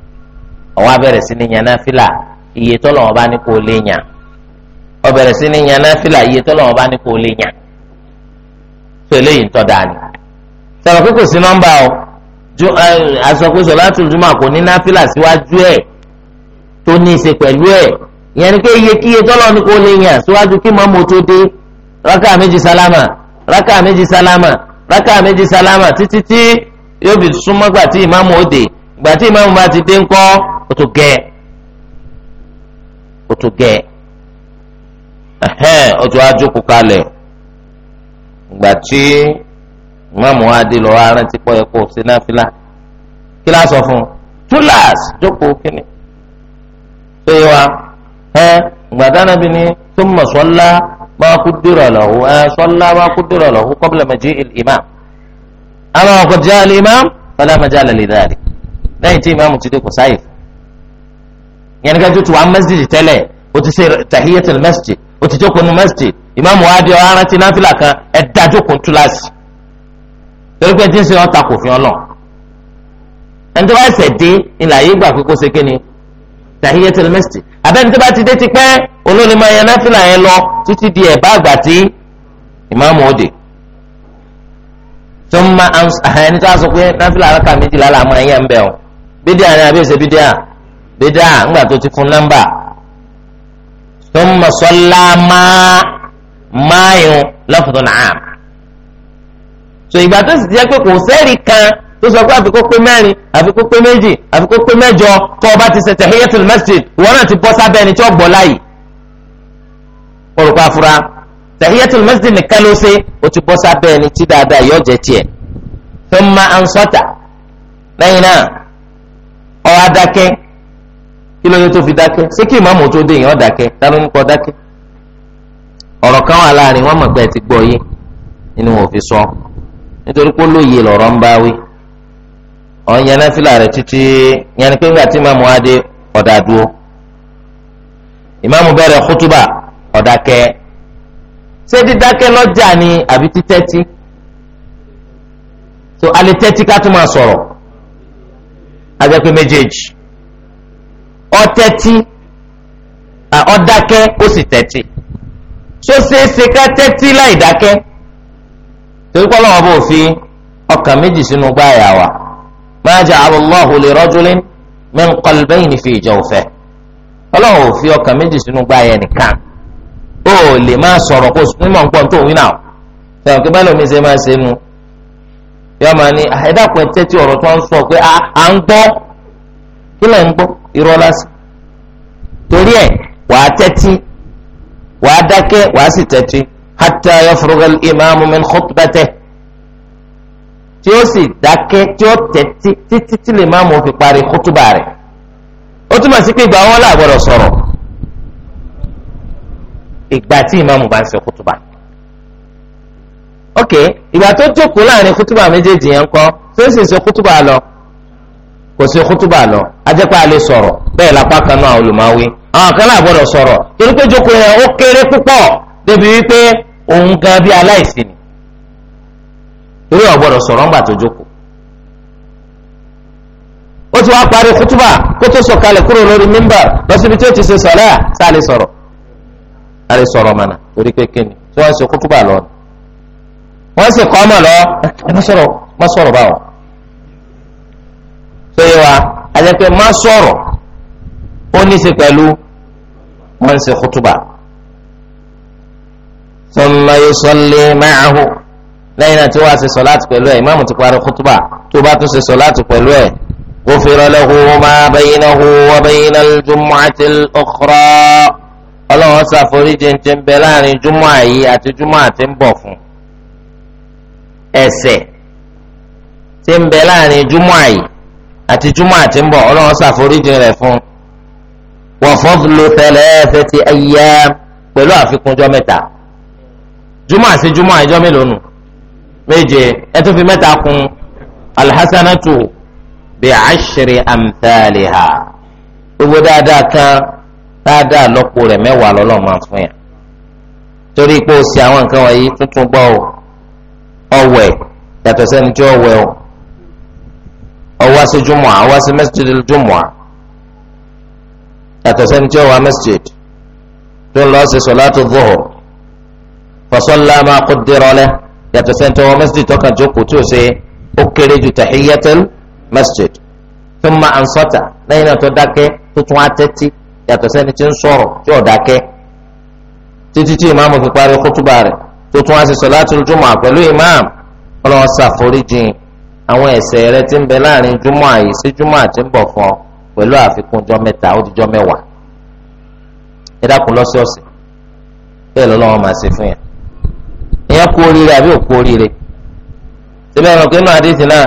àwọn abẹ̀rẹ̀ sí ní yaná fìlà iye tọ́lọ̀ wọn bá ní kó lè yàn ọbẹ̀rẹ̀ sí ní yaná fìlà iye tọ́lọ̀ wọn bá ní kó lè yàn tó eléyìí ń tọ́da ni. sọ̀rọ̀ pé kò sí nọ́mbà o àsọkúsọ láti ojúmọ̀ kò ní náfìlà síwájú ẹ̀ tó ní í ṣe pẹ̀lú ẹ̀ ìyẹn ni pé iye kíye tọ́lọ̀ ní kò lè yàn síwájú kí mọ́mọ́ tó dé rákà méjì sálámà rákà méjì sálámà rákà méjì sálámà títí tí yóò fi súnmọ́ gbà tí ìmáàmù ó dé gbà tí ìmáàmù bá ti dé ńkọ́ ó tó gẹ̀ ó tó gẹ̀ ẹ̀hẹ́n ó tó kalẹ̀ gbà ẹ gbàdá nàbí ni thumma salla ma qaddara lahu ẹ salla ma qaddara lahu qabla maji'i al-imam amma qad ja'a al-imam fala majala li dhalik lẹ́yìn tí ìmáàmù ti dé kò sáyè yẹn ní ká tó tu wá mẹ́sìdì tẹ́lẹ̀ o ti ṣe tahiyatul masjid o ti jókòó nu masjid ìmáàmù wa di ọ̀rá rántí náfìlà kan ẹ̀ dájókòó túláàsì torí pé tí ń ṣe ọ̀ta kò fi ọ lọ ẹni tó bá ṣẹ̀ dé tahiyatul masjid abẹ́ni tó bá ti dé ti pẹ́ olóòlù máa yan náfìlà yẹn lọ títí di ẹ̀bá àgbà tí ìmáàmù òde tó ń ma ẹni tó a sọ pé náfìlà alákà méjìlá la máa yan bẹ́ẹ̀ o bídíà ni àbí ẹsẹ̀ bídíà bídíà ńgbà tó ti fún nọ́mbà tó ń ma sọ́lá máa máa yun lọ́fọ̀tún náà so ìgbà tó sì jẹ́ pé kò sẹ́ẹ̀rì kan. tó sọ pé àfikún pé mẹ́rin àfikún pé méjì àfikún pé mẹ́jọ ọba ti ṣe tahiyatul masjid wọn náà ti bọ́ sábẹ́ ẹni tí ó gbọ́ láyì. olùkọ́ afura tahiyatul masjid nìkan ló ṣe ó ti bọ́ sábẹ́ ẹni tí dáadáa yóò jẹ́ tiẹ̀. ansata lẹ́yìn náà dákẹ́ kí ló tó fi dákẹ́ ṣé kí ìmáàmù tó dé yẹn dákẹ́ dákẹ́. ọ̀rọ̀ kan wà láàrin wọn mọ̀ sọ nítorí pé ó lóye ń ọ̀nyẹn náfìlà rẹ̀ títí yẹn ni pé ńgbà tí ìmáàmù adé ọ̀dà dúró ìmáàmù bẹ̀rẹ̀ kútúbà ọ̀dà kẹ́ ṣé dídákẹ́ lọ́jà ni àbí títẹ́tí so alẹ́ tẹ́tí ká tún máa sọ̀rọ̀ ajẹ́pẹ́ méjèèjì ọ̀tẹ́tí ọ̀dákẹ́ ó sì tẹ́tí ṣó ṣeéṣe ká tẹ́tí láì dákẹ́ torí pé Ọlọ́run bò fi ọkàn méjì sínú gbáàyà wa ma ja'ala Allahu li rajulin min qalbayni fi jawfihi ọlọ́run ò fi ọkàn méjì sínú gba ẹ̀ nìkan ó lè máa sọ̀rọ̀ kó sùn mímọ̀ nǹkan tó ń wí náà sọ̀rọ̀ kí bẹ́ẹ̀ ṣe máa ṣe nu yọ máa ní ah, ẹ̀dàpọ̀ tẹ́tí ọ̀rọ̀ tó ń sọ pé ah, à ń gbọ́ kí lẹ̀ ń gbọ́ irọ́ lásán torí ẹ̀ wàá tẹ́tí wàá dákẹ́ wàá sì tẹ́tí hatta yafruga al-imamu min khutbatihi tí ó sì dákẹ́ tí ó tẹ́tí títí tí lè má mú fi parí kútúbà rẹ̀ ó túmọ̀ sí pé ìgbà wọn là gbọ́dọ̀ sọ̀rọ̀ ìgbà tí ìmáàmù bá ń ṣe kútúbà ok ìgbà tó jókòó láàrin kútúbà méjèèjì yẹn ń kọ́ tó ń sì ṣe kútúbà lọ kò sí kútúbà lọ ajẹ́pẹ́ alẹ́ sọ̀rọ̀ bẹ́ẹ̀ lápá kan náà olùmọ̀wé àwọn kan náà sọ̀rọ̀ torí pé jókòó yẹn ó kéré púpọ̀ débi wípé òun gan bí aláìsí torí ọ̀gbọ́dọ̀ sọ̀rọ̀ ńgbà tó jókòó ó ti wá parí kútúbà kó tó sọ̀kalẹ̀ kúrò lórí mímbà lọ́sibí tí ó ti ṣe sọ̀lẹ́ à sálẹ̀ sọ̀rọ̀ àlẹ́ sọ̀rọ̀ mọ̀nà torí kékeré ni tí wọ́n ṣe kútúbà lọ wọ́n sì kọ́ ọmọ lọ ẹ má sọ̀rọ̀ má sọ̀rọ̀ báwọn. tó yẹ wa àjẹpẹ́ má sọ̀rọ̀ ó ní í pẹ̀lú wọ́n ṣe kútúbà. sọ̀nà yóò sọ̀lẹ̀ máa hù lẹ́yìn náà tí wọ́n á ṣe sọ̀láàtì pẹ̀lú ẹ̀ ìmáàmù ti parí kútúbà tó bá tún ṣe sọ̀láàtì pẹ̀lú ẹ̀ غفر له ما بينه وبين الجمعة الأخرى ọlọ́run ṣàforíjì ti ń bẹ láàrin júmọ́ yìí àti júmọ́ àti ń bọ̀ fún ẹ̀ṣẹ̀ ti ń bẹ láàrin júmọ́ yìí àti júmọ́ àti ń bọ̀ ọlọ́run ṣàforíjì rẹ̀ fún wa méje ẹ tún fi mẹ́ta kún alhassanatu bi ashri amthaliha gbogbo dáadáa kan dáadáa lọ́pọ̀ rẹ̀ mẹ́wàá lọ́lọ́ máa fún yà torí pé o ṣe àwọn nǹkan wọ̀nyí tuntun gbọ́ o ọ̀wẹ̀ yàtọ̀ sẹ́ni tí ọ̀wẹ̀ o ọwọ́ sí jùmọ̀ ọwọ́ sí mẹ́sítírì jùmọ̀ yàtọ̀ sẹ́ni tí ọwọ́ mẹ́sítírì tó ń lọ sí sọ̀látù dhuhr fa salla ma qaddara lahu yàtọ̀ sẹ́ńtọ́ wọ masjid tọ́ka jókòó tí o ṣe ó kéré ju tahiyatul masjid thumma ansata lẹ́yìn náà tó dákẹ́ tó tún atẹ́tí yàtọ̀ sẹ́ni tí ń sọ̀rọ̀ tí ò dákẹ́ títí tí ìmáàmù fi parí kútúbà rẹ̀ tó tún wá sí sọ̀látul jumu'a pẹ̀lú ìmáàmù ọlọ́wọ́n ṣàforíjìn àwọn ẹ̀ṣẹ̀ rẹ tí ń bẹ láàrin jumu'a yìí sí jumu'a tí ń bọ̀ fún ọ pẹ̀lú àfikún jọ mẹ́ta ó di jọ mẹ́wàá ẹ dákun lọ́sọ̀ọ̀sẹ̀ bẹ́ẹ̀ lọ́lọ́wọ́n máa ṣe fún yẹn èèyàn kú oríire àbí òkú oríire síbẹ̀ ẹ̀rọ kínú àdìsí náà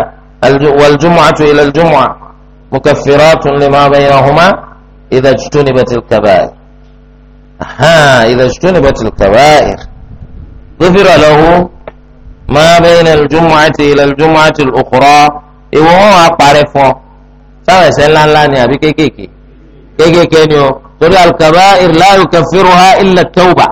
wàljúmọ̀tò ìlẹ̀ljúmọ̀ mukaffiratun lima baynahuma idha jtunibatil kaba'ir idha jtunibatil kaba'ir ghufira lahu ma bayna aljumu'ati ila aljumu'ati al-ukhra ìwọ wọn wà parẹ́ fún ọ sáwọn ẹ̀ṣẹ̀ ńláńlá ni àbí kéékèèké kéékèèké ni o torí al-kaba'ir la yukaffiruha illa at-tawbah.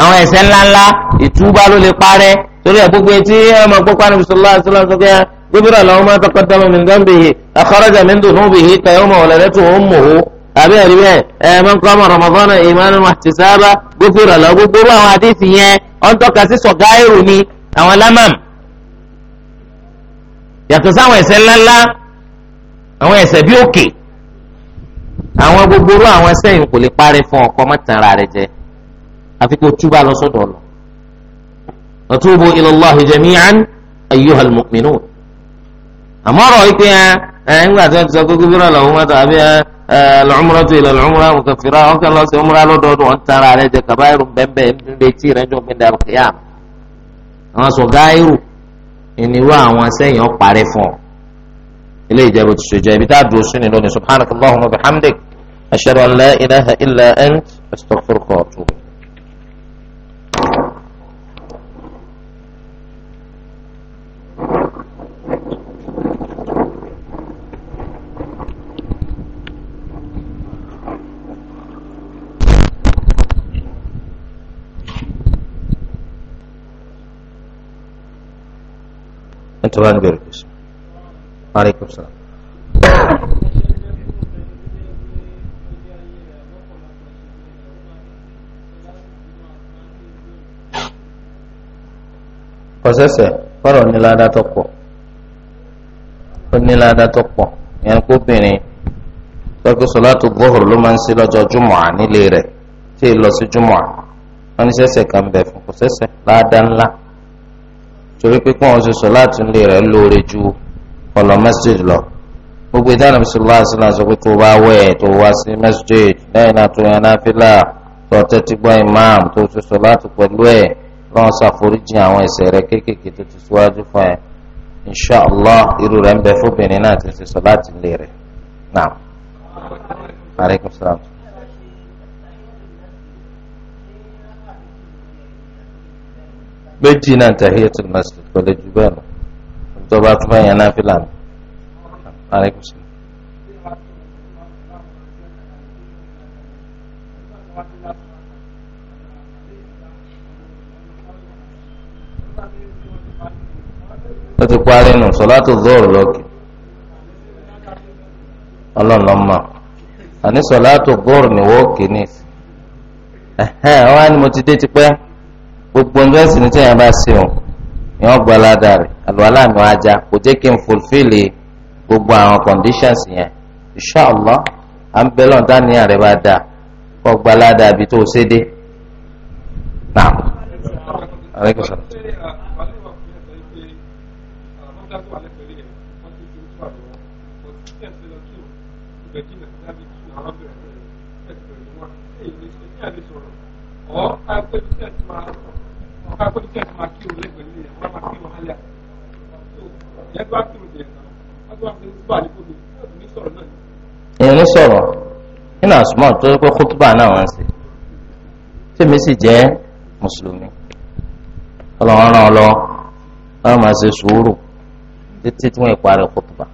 àwọn ẹ̀ṣẹ̀ ńláńlá ìtúbá ló lè parẹ́ torí ẹ̀ gbogbo etí ọmọ gbogbo anabi sallallahu alaihi wasallam sọkẹ́ gbogbo àwọn ọmọ taqaddama min dhanbihi akhraja min dhunubihi ka yawma waladatuhu ummuhu àbí ẹ̀rí bẹ́ẹ̀ ẹ̀ man qama ramadana imanan wahtisaba gbogbo ìrọ̀lọ́ gbogbo àwọn àdéhìí yẹn ọ̀n tọ́ka sí sọ̀gá èrò ni àwọn lámàm yàtọ̀ sáwọn ẹ̀ṣẹ̀ ńláńlá àwọn ẹ̀ṣẹ̀ bí òkè àwọn gbogbo àwọn àfi kó túbà lọ sọ́dọ̀ ọ̀nà ọ̀túbù ilallahi jami'an ayyuhal mu'minun àmọ́ ọ̀rọ̀ yìí pé ẹ ẹ ńgbà tí wọ́n ti sọ pé gómìnà lọ́wọ́ wọn tàbí ẹ ẹ lọ́múrọ́tò ilẹ̀ lọ́múrọ́ mùkàfìrà ọ̀kẹ́ lọ sí ọmúra lọ́dọọdún wọn tara rẹ jẹ kaba irun bẹ́ẹ̀ bẹ́ẹ̀ tí rẹ jọ gbẹdẹ àrùkìyà àwọn sọ gáírù ìníwó àwọn sẹ́yìn ọ̀parẹ́ fún ọ ilé ìjẹ́bù ti ṣèjẹ́ ibi tá a dúró sí ni lónìí wa bihamdik ashhadu an la ilaha illa ant astaghfiruka tó bá ń bèrè gbèsè. maaleykum salaam. kọsẹsẹ fọlọ nílada tó pọ̀ ó nílada tó pọ̀ yẹn kó obìnrin tọ́kí sọláàtù gbọ́hùrù ló máa ń ṣe lọ́jọ́ jùmọ̀à nílé rẹ̀ tí ì lọ sí jùmọ̀à wọ́n ní sẹ́sẹ̀ kan bẹ̀ fún kọsẹsẹ láàdá ńlá torí pé kí wọ́n ṣe sọ láti ilé rẹ̀ lóore ju ọ̀nà masjid lọ gbogbo ìdáná bisimilá sílá sọ pé tó bá wẹ̀ tó wá sí masjid lẹ́yìn náà tó yan náfìlà tó tẹ́tí gbọ́ imam tó ṣe sọ láti pẹ̀lú ẹ̀ lọ́wọ́ ṣàforíjì àwọn ẹ̀ṣẹ̀ rẹ̀ kéékèèké tó ti síwájú fún ẹ inṣàlá irú rẹ̀ ń bẹ fóbìnrin náà ti ṣe sọ láti ilé rẹ̀ náà. méjì náà tahiyatul masjid kò lè jù bẹ́ẹ̀ lọ tó bá tún fẹ́ yẹn náà fi lànà. ó ti parí nù sọláàtù zọọrù lọkì ọlọ́nlọ́mọ àní sọláàtù zọọrù ni wọ́ọ̀kì ní ìsìn ẹ̀hẹ́n wọ́n ti dé tipẹ́ gbogbo ń bẹ́ẹ̀ sì ní tẹ̀yìn bá sí òun ni wọ́n gba aládà rẹ̀ àlùwalá mi wá já kò jẹ́ kí n fulfil gbogbo àwọn conditions yẹn inshàlá à ń bẹ́ lọ́n dánìyàn rẹ̀ bá dáa kọ́ gba aládà bí tó ṣe dé. Naam ká kó díkẹ́ máa kí o lẹ́gbẹ̀ẹ́ lé ẹ̀ wọ́n máa kí o hálẹ̀ ẹ̀ tó wá kí o jẹ̀ ẹ̀ tó wá fi bá àdìgbò mi ní sọ̀rọ̀ náà. èèyàn ní sọ̀rọ̀ nínú àsùnmọ̀ tó pé kótóbà náà wọ́n ń ṣe tèmi sì jẹ́ mùsùlùmí ọlọ́run ràn ọ́ lọ wọ́n máa ṣe sùúrù títí tí wọ́n parí kótóbà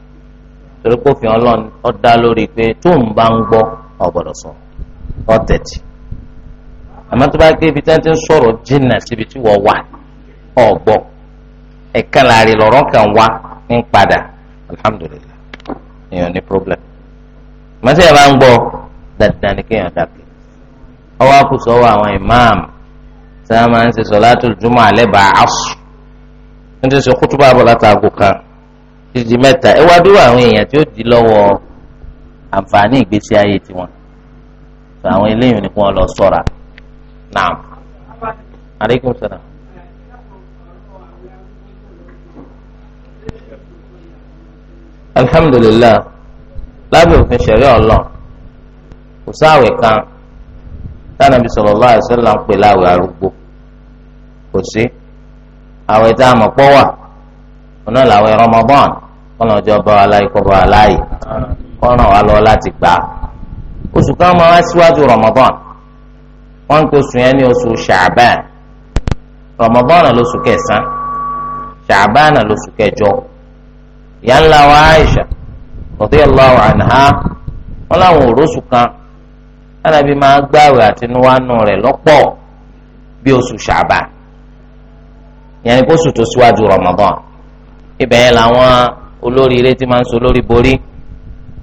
torí kófin ọlọ́run ọ dá lórí pé tóun bá ń gbọ́ ọ̀gbọ̀dọ̀ sọ ọ̀ tẹ̀tì àmọ́ tó bá gbé ibi tí wọ́n ti ń sọ̀rọ̀ jìnnà síbi tí wọ́n wà ọ̀gbọ́ ẹ̀ka láàrin lọ́rọ́ kan wá ní padà alhamdulillah èèyàn ní problem màsí ẹ̀ bá ń gbọ́ dandan ni kéèyàn dàbí ọwọ́ àkùsọ̀wọ́ àwọn imam tí wọ́n máa ń ṣe sọ̀látù jùmọ̀ alẹ́ bá asù wọ́n ti ṣe kútúbà bọ̀ látàgò kan títí mẹ́ta ẹ wá bí wà àwọn èèyàn tí ó di lọ́wọ́ àǹfààní ìgbésí ayé tiwọn àwọn eléyìí ni kí wọ́n lọ sọ́ra naam aleykum salaam. alhamdulilayi lábẹ́ òfin ṣẹ̀rí ọlọ́run kò sáàwẹ̀ kan tánàbí sallallahu alaihi wasallam ń pè láwẹ̀ arúgbó kò sí àwẹ̀ tá a mọ̀ pọ̀ wà ọ̀nà làwẹ̀ Ramadan kọ́nà ìjọba aláìkọ́ba aláì kọ́nà wà lọ láti gbà oṣù kan máa wá síwájú Ramadan wọn kò sùn yẹn ní oṣù ṣàbán rọmọbọ́nà lóṣù kẹsàn-án ṣàbánà lóṣù kẹjọ ìyá ńlá wa Aisha radiyallahu anha wọn làwọn òróṣù kan alábi máa gbààwẹ̀ àtinúwánu rẹ̀ lọ́pọ̀ bí oṣù ṣàbán ìyẹn ní kóṣù tó síwájú rọmọbọ́n ibẹ̀ yẹn làwọn olóríire ti máa ń so lórí borí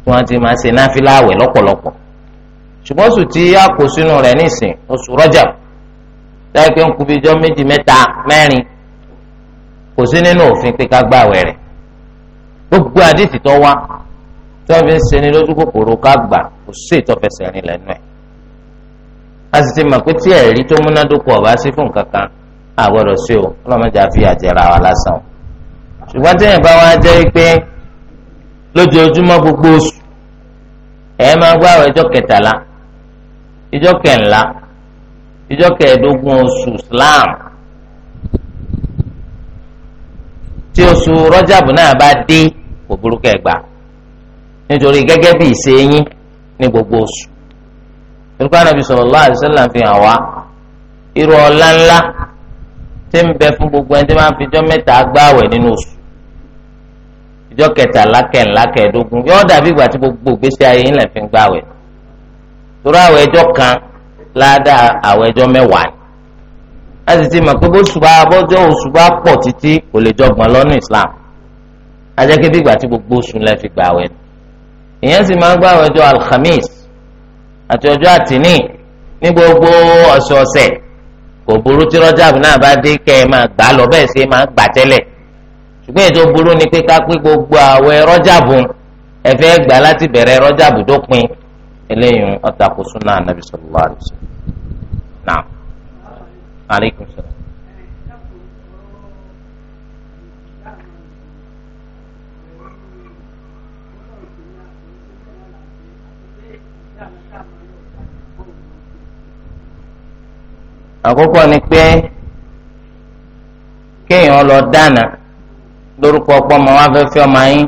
tí wọ́n ti máa ṣe náfìláwẹ̀ lọ́pọ̀lọpọ̀ ṣùgbọ́n oṣù tí a kò sínú rẹ̀ nísìn oṣù Rajab táyà pé ń kú bíjọ́ méjì mẹ́ta mẹ́rin kò sí nínú òfin pé ká gbààwẹ̀ gbogbo àdìsí tó wá tí ń ṣe ni lójú kòkòrò ká gbà kò sí ìtọ́fẹsẹ̀ rìn lẹ́nu ẹ̀ a sì ti mọ̀ pé tí ẹ̀rí tó múnádóko ọ̀bá sí fún kankan àgbọ̀dọ̀ sí o ọlọ́mọdé àfi àjẹrà wa lásán ṣùgbọ́n tí ẹ̀bá wa jẹ́ pé lójoojúmọ́ gbogbo oṣù ẹ̀ máa gbààwẹ̀ ọjọ́ kẹtàlá ìjọ kẹńlá ìjọ kẹẹ̀ẹ́dógún oṣù Islam tí oṣù rọ́jàbù náà bá dé kò burúkú ẹgbà nítorí gẹ́gẹ́ bí ìṣe ní gbogbo oṣù nípa Ànábì sallallahu alaihi fi hàn wá irú ọlá ńlá tí ń bẹ fún gbogbo ẹni tí máa ń fi nínú oṣù ìjọ kẹtàlá kẹńlá dàbí ìgbà tí gbogbo ayé torí àwọn ẹjọ́ kan ládàá àwọn ẹjọ́ mẹ́wàá a sì ti mọ̀ pé bó ṣùgbọ́n abọ́jọ́ oṣù pọ̀ títí kò lè jọgbọ̀n lọ́nà Islam ajẹ́kẹ́dẹ́ ìgbà tí gbogbo oṣù lẹ́ fi gbà wẹ̀ ìyẹn sì máa ń gbà àwọn ẹjọ́ alhamis àti ọjọ́ àtìní ní gbogbo ọ̀sọ̀ọ̀sẹ̀ kò burú tí rọ́jàbù náà bá dé kẹ́ ẹ máa gbà lọ bẹ́ẹ̀ ṣe máa gbà tẹ́lẹ̀ ṣùgbọ́n ètò burú ni pé ká pé gbogbo àwẹ̀ rọ́jàbù ẹ fẹ́ gbà láti bẹ̀rẹ̀ rọ́jàbù dópin eléyìí ọ̀tàkù súnà ànábì sallallahu alaihi wasallam náà aleykum salaam. àkọ́kọ́ ni pé kéèyàn lọ dáná lórúkọ ọpọ ọmọ wa fẹ́ fẹ́ ọmọ yín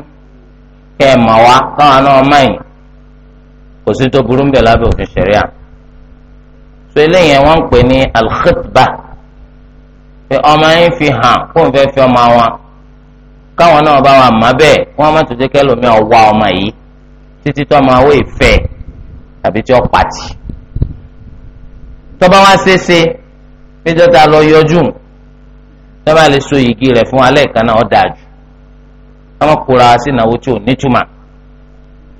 kẹ́ ẹ̀ mọ̀ wá káwọn náà mọ̀ yín kò sí tó burú ń bẹ̀ lábẹ́ òfin ṣẹ̀ríà so eléyìí wọ́n ń pè ní alkhitba pé ọmọ yín fi hàn kó n fẹ́ fi ọmọ wọn káwọn náà bá wọn má bẹ́ẹ̀ kí wọ́n má tó jẹ́ kẹ́lòmí ọ̀wá ọmọ yìí títí tó ọmọ awé ìfẹ́ tàbí tí ó pàtì tọ́ba wá ṣeéṣe péjọ ta lọ yọjú tọ́ba lè so yìgì rẹ̀ fún alẹ́ kan náà ó jù ọmọ kura sí ìnáwó tí ò nítumọ̀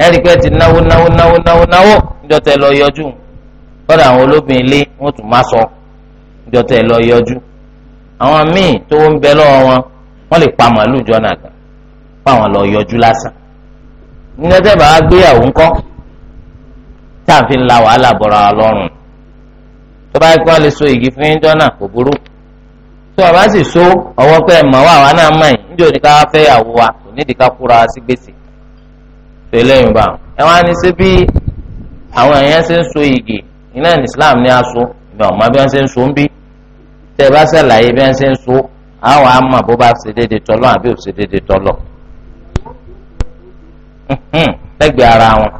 ẹ̀rí pé ti náwó náwó náwó náwó náwó níjọ́ lọ yọjú kọ́dà àwọn ilé wọ́n tún má sọ níjọ́ lọ yọjú àwọn míì tó ń bẹ wọn le lè pa màálù jọ nàgà pa wọn lọ yọjú lásán níjọ́ bàá gbéyàwó tá ń fi la wàhálà bọ̀ra wa tó igi fún yín kò burú tó so ọwọ́ pé ẹ̀ mọ̀ wá náà mọ̀ ká wa kò ká kúra tẹlẹyìn bá ẹ wá ní sí bí àwọn èèyàn ṣe ń so igi iná ní Islam ní aṣọ ìgbà ọmọ bí wọn ṣe ń so ń bí tẹ ẹ bá ṣàlàyé bí wọn ṣe ń so àwọn àmọ́ bó bá ṣe déédéé tọlọ àbí ò ṣe déédéé tọlọ lẹ́gbẹ̀ẹ́ ara wọn.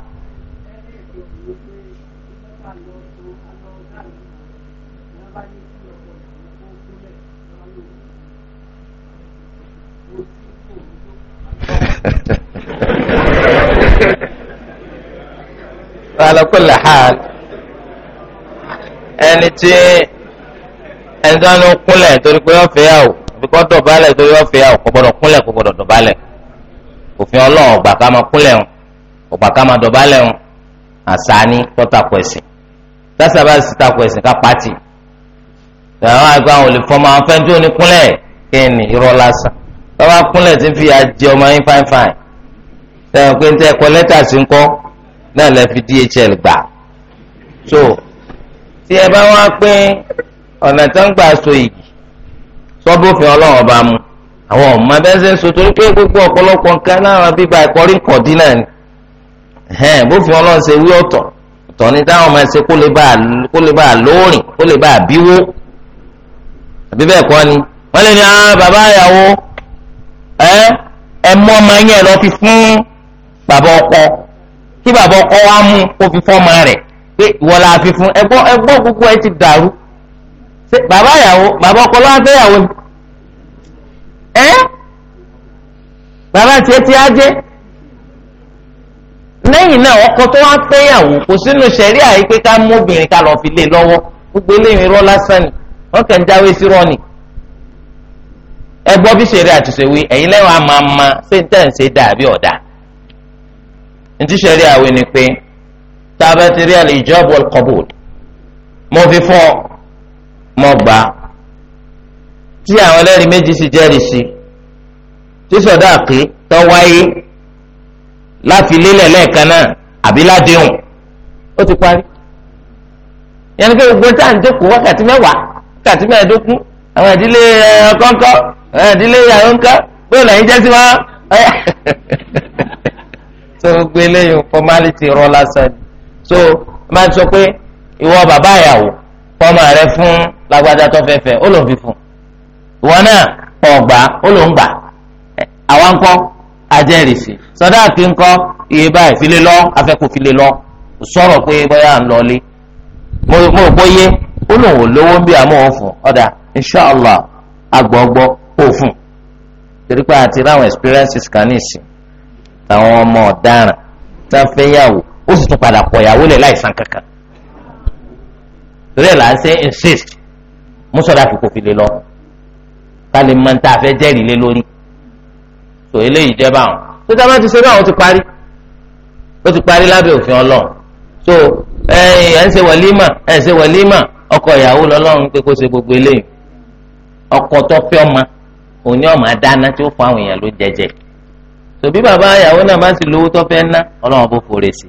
Ha ha ha. ala kulli hal ẹni tí ẹni tí wọn kúnlẹ̀ torí pé wọ́n fẹ́ yà ó bíkọ́ dọ̀bálẹ̀ torí wọ́n fẹ́ yà ó kò gbọ́dọ̀ kúnlẹ̀ kò gbọ́dọ̀ dọ̀bálẹ̀ òfin ọlọ́run ọgbà ká máa kúnlẹ̀ ń ọgbà ká máa dọ̀bálẹ̀ ń àsáni tó takò ẹ̀sìn tásà bá sì takò ẹ̀sìn ká pàtì àwọn àgbà àwọn olè fọmọ àwọn fẹ́ẹ́ tí ò ní kúnlẹ̀ kí ni irọ́ lásán bá kúnlẹ̀ tí ń fi àjẹ ọmọ yín fáìfáì tẹ̀wọ̀n pé ń tẹ́ ẹ̀kọ́ lẹ́tà sí ń kọ́ náà lè fi DHL gbà so tí ẹ bá wá pé ọ̀nà tó ń gbà so igi sọ́bùfin ọlọ́run ọba mu àwọn ọmọ abẹ́sẹ̀ so torí pé gbogbo ọ̀pọ̀lọpọ̀ nǹkan láwọn bíbá ìkọrí kọ̀dí náà ni bófin ọlọ́run ṣe wí ọ̀tọ̀ ọ̀tọ̀ ni táwọn máa ṣe kó lè bá a lóorìn kó lè bá a bíwó àbí bẹ́ẹ̀ kọ́ ni wọ́n lè ní àwọn ah, bàbá ìyàwó ẹ ẹ mú ọmọ yẹn lọ fi fún bàbá ọkọ kí bàbá ọkọ wa mú kó fi fọ́ọ̀mù rẹ̀ pé ìwọ la fi fún ẹgbọ́n ẹgbọ́n gbogbo ẹ ti dàrú bàbá ìyàwó bàbá ọkọ lọ́wọ́ àtẹ́yàwó ẹ bàbá tiẹ̀ ti á jẹ́ lẹ́yìn náà ọkọ tó wá fẹ́yàwó kò sínú sẹ̀rí àyè pé ká mú obìnrin ká lọ fi lé lọ́wọ́ gbogbo eléyìí irọ́ lásán ni wọ́n kàn ń jáwé sí rọ́ọ̀nì ẹ gbọ́ bí sẹ̀rí àtúnṣe wí ẹ̀yin lẹ́wọ̀n a máa ma ṣé ń tẹ̀ ń ṣe dàbí ọ̀dà ntí sẹ́rí àwẹ̀ ni pé tá a bá ti rí al-ijab wal-qabul mo fi fún ọ mo gbà á tí àwọn ẹlẹ́rìí méjì sì jẹ́rìí sí tí sọ̀dá àké tó wáyé láfi lélẹ̀ lẹ́ẹ̀kan náà àbí ládéhùn ó ti parí ni pé gbogbo tá à ń jókòó wákàtí mẹ́wàá wákàtí eh, àwọn ìdílé ìyàwó ńkọ́ bóyá làyín wọn so gbogbo eléyìí formality rọ lásán so máa ń sọ pé ìwọ bàbá ìyàwó fọmọ rẹ fún lágbájá tó fẹ́ fẹ́ ó ló ń fi fún ìwọ náà pọ̀ gbà ó ló ń gbà àwọn ńkọ́ ajẹ́rìsì sọdáàkì ńkọ́ iye báyìí file lọ afẹ́kù file lọ sọ̀rọ̀ pé bóyá ń lọlé mo rò pé ó lòun ò lówó ń bí àmọ́ òun fún ọ̀dà inshàlá agbọ̀gbọ̀ òfun torí àti ráwọn experiences kan ní àwọn ọmọ ọ̀daràn tá a fẹ́ yàwó ó sì tún padà pọ̀ yàwó lẹ̀ láìsàn kankan torí là ń ṣe insist mùsọ̀dá fi kò fi lè lọ ká lè mọ níta fẹ́ jẹ́rìí lé lórí tó eléyìí jẹ́ báwọn tó tá a bá ti ṣe báwọn ó ti parí ó ti parí lábẹ́ òfin ọlọ́run tó ẹ ń ṣe wàlímà ẹ ń ṣe wàlímà ọkọ ìyàwó lọ́lọ́run pé kó ṣe gbogbo eléyìí ọkọ tó fẹ́ ọmọ òní ọmọ adáná tí ó fún àwọn èèyàn ló jẹjẹ tòbí bàbá ìyàwó náà bá sì lówó tó fẹ́ ná ọlọ́run bó forí sí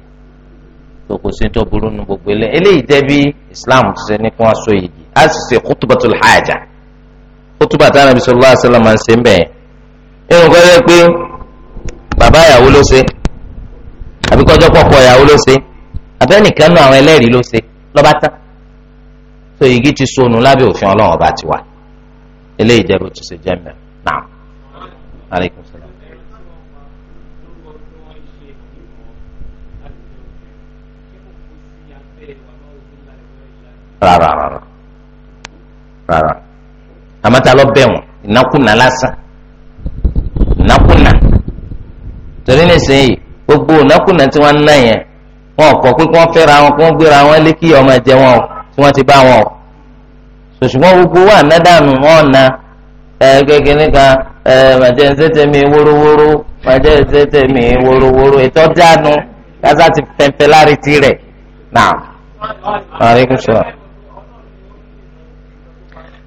tó kò sí tó burú nu gbogbo ilé eléyìí jẹ́ bí islam ṣe ní kí wọ́n so yìí á sì ṣe kútùbọ̀tò hàjà kútùbọ̀tò ànábi sallallahu alaihi wasallam máa ń ṣe ń bẹ̀yẹn nínú kọ́ jẹ́ pé bàbá ìyàwó ló ṣe àbí kọ́jọ́ pọ̀pọ̀ ìyàwó ló ṣe àbẹ́nìkan náà àwọn ẹlẹ́rìí ló ṣe lọ́ba tán tó igi ti sọnù lábẹ́ òfin ọlọ́run ọba tiwa eléyìí jẹ́ ti ṣe jẹ́ mẹ́rin náà. rárá rárá rárá lọ bẹ̀ wọ́n ìnákùnà lásán ìnákùnà torí nísìnyí gbogbo ìnákùnà tí wọ́n ná yẹn wọn kọ pé wọ́n wọn kí wọ́n gbéra wọn lé kí ọmọ ẹ̀jẹ̀ wọn o tí wọ́n ti bá wọn o gbogbo wọn na gẹ́gẹ́ màjẹ́ wórówóró màjẹ́ wórówóró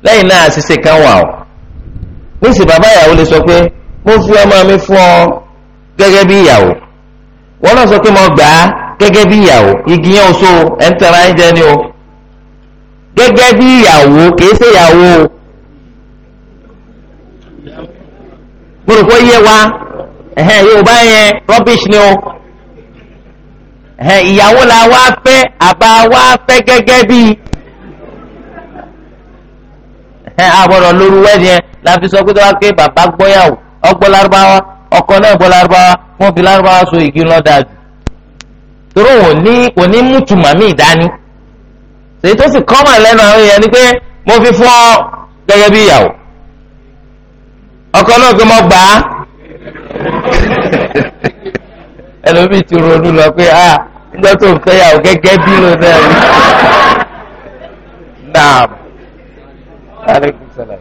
lẹ́yìn náà àṣìṣe kan wà ó níṣẹ́ bàbá ìyàwó lè sọ pé mo fi ọmọ mi fún ọ gẹ́gẹ́ bí ìyàwó wọ́n náà sọ pé mo gbà á gẹ́gẹ́ bí ìyàwó igi yẹn oṣù ẹ̀ńtẹ̀rẹ̀ ẹ̀ńjẹ ni o gẹ́gẹ́ bí ìyàwó kìí ṣe ìyàwó mo rò pé yé wa yorùbá yẹn rubbish ni o ìyàwó la wá fẹ́ àbá wá fẹ́ gẹ́gẹ́ bí. ẹ àgbọ̀dọ̀ lóru wẹ́ẹ̀dì yẹn la fi sọ pé bàbá gbọyàwó ọkọ náà gbọ́ lárúbáwá fi so igi lọ́dà jù torí ní wọ́n ní mútùmọ̀ ìdání èyí tó sì kọ́mọ̀ lẹ́nu àwọn èèyàn ni pé mo fi fún ọ ọkọ náà pé mo gbà á *laughs* ti ronú lọ pé nígbà tó ń fẹ́ yàwó gẹ́gẹ́ bí *laughs* aleykum salaam.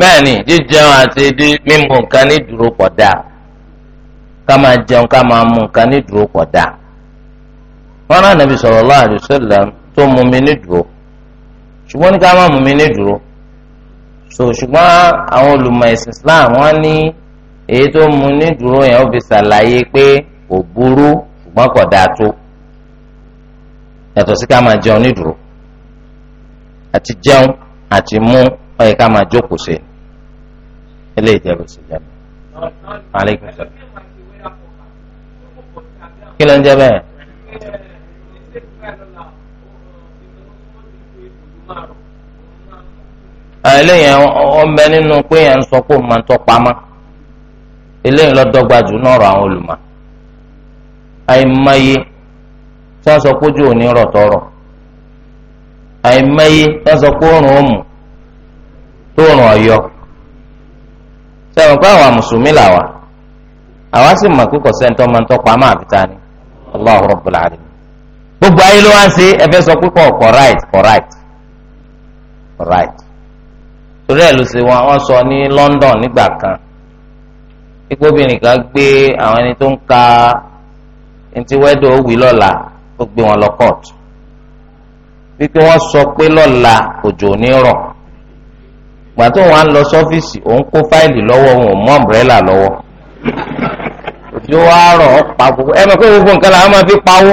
bẹ́ẹ̀ni jíjẹun àti mímu nǹkan ní dúró pọ̀ dáa ká máa jẹun ká máa mu nǹkan ní dúró pọ̀ dáa wọn náà nàbí sallallahu alaihi wasallam tó mú mi ní dúró ṣùgbọ́n ní ká má mú mi ní dúró so ṣùgbọ́n àwọn olùmọ̀ ẹ̀sìn Islam wọ́n ní èyí tó mu ní dúró yẹn ó fi ṣàlàyé pé kò burú ṣùgbọ́n kò dáa tó yàtọ̀ sí ká máa jẹun ní dúró àti jẹun àti mú ó yẹ ká máa jókòó ṣe ilé ìjẹun sì jẹun. kí ló ń jẹ bẹ́ẹ̀. eléyìí ọmọ nínú pé yẹn ń sọ pé òun máa tọ́ pamọ́. eléyìí lọ́dọ́gba jù náà àwọn olùmọ̀ àìmọye tí wọ́n sọ pójú òní rọ̀ tọrọ àìmọye tí wọ́n sọ pé òrùn òmù tó òrùn ọ̀yọ́ sẹ́wọ̀n pé àwọn mùsùlùmí làwà àwa sì mọ̀ kíkọ̀ sẹ́ńtọ́ máa ń máa fi ta ni gbogbo ayé ló wá ń ṣe ẹ fẹ́ sọ pé torí ẹ̀ ló ṣe wọn sọ ní London nígbà kan. pípọ́ obìnrin kan gbé àwọn ẹni tó ń ka ntí wẹ́dọ̀ òwì lọ́la ó gbé wọn lọ kóòtù pípẹ́ wọ́n sọ pé lọ́la òjò ní rọ̀ gbà tó wọn á lọ sọ́fíìsì òun kó fáìlì lọ́wọ́ òun mú ọ̀mbrẹ́là lọ́wọ́ òjò wa rọ̀ ọ́ pa gbogbo ẹ mọ̀ pé gbogbo nǹkan làwọn máa fi pawó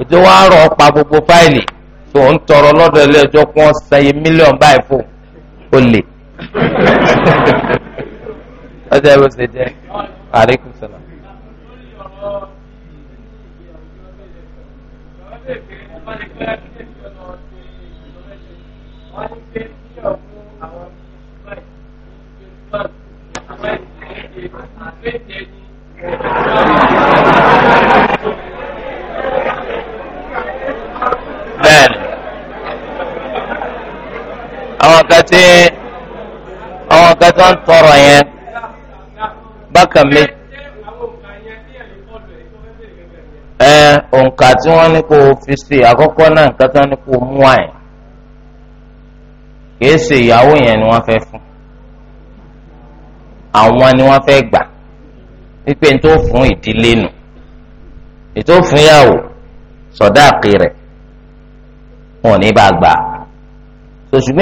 òjò wa rọ̀ ọ́ pa gbogbo fáìlì tó ń tọrọ lọ́dọ̀ ilé ẹjọ́ wọ́n san mílíọ̀nù báyìí fún olè ọjọ́ ẹ̀rọ ṣe jẹ́ àríkù sọ̀rọ̀. bẹ́ẹ̀ni àwọn kan tí àwọn kan tó ń tọrọ yẹn. bákan méjì. ẹ òǹkà tí wọ́n ní kó o fi nipo àkọ́kọ́ náà nǹkan tí wọ́n ní kó o mú ni wọn fe fún àwọn ni wọn gbà wípé n tó fún ìdílé nù ètò fún yàwó sọdáàkì wọn ò ní bá gbà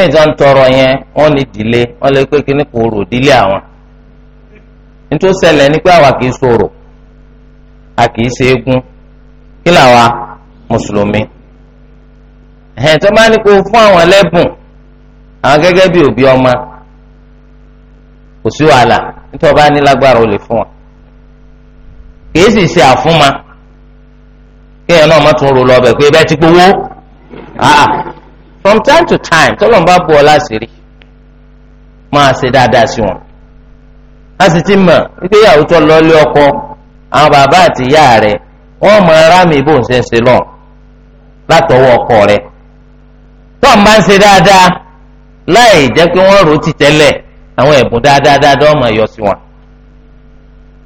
ìjọ ń tọrọ yẹn wọn ní ìdílé wọn lè pé kí ní kò rò nítorí ó ṣẹlẹ̀ pé àwa a kìí ṣe eégún kí làwa mùsùlùmí ẹ̀hìn tó bá ní fún àwọn ẹlẹ́bùn àwọn gẹ́gẹ́ bí òbí ọmọ kò sí wàhálà nítorí ọba lè fún wọn kìí sì ṣe àfúnma kéèyàn náà má tún ro lọ ọbẹ̀ pé bẹ́ẹ̀ from time to time tọ́lọ́mùbá bu máa ṣe dáadáa sí wọn. a sì ti mọ̀ wípé ìyàwó tó lọ lé ọkọ àwọn bàbá àti ìyá rẹ̀ wọ́n mọ ara mi bó ń ṣe ń ṣe lọ látọwọ́ ọkọ rẹ̀ tó ń bá ń ṣe dáadáa láì jẹ́ pé wọ́n rò ó ti tẹ́lẹ̀ àwọn ẹ̀bùn dáadáa dáadáa ọmọ yọ sí wọn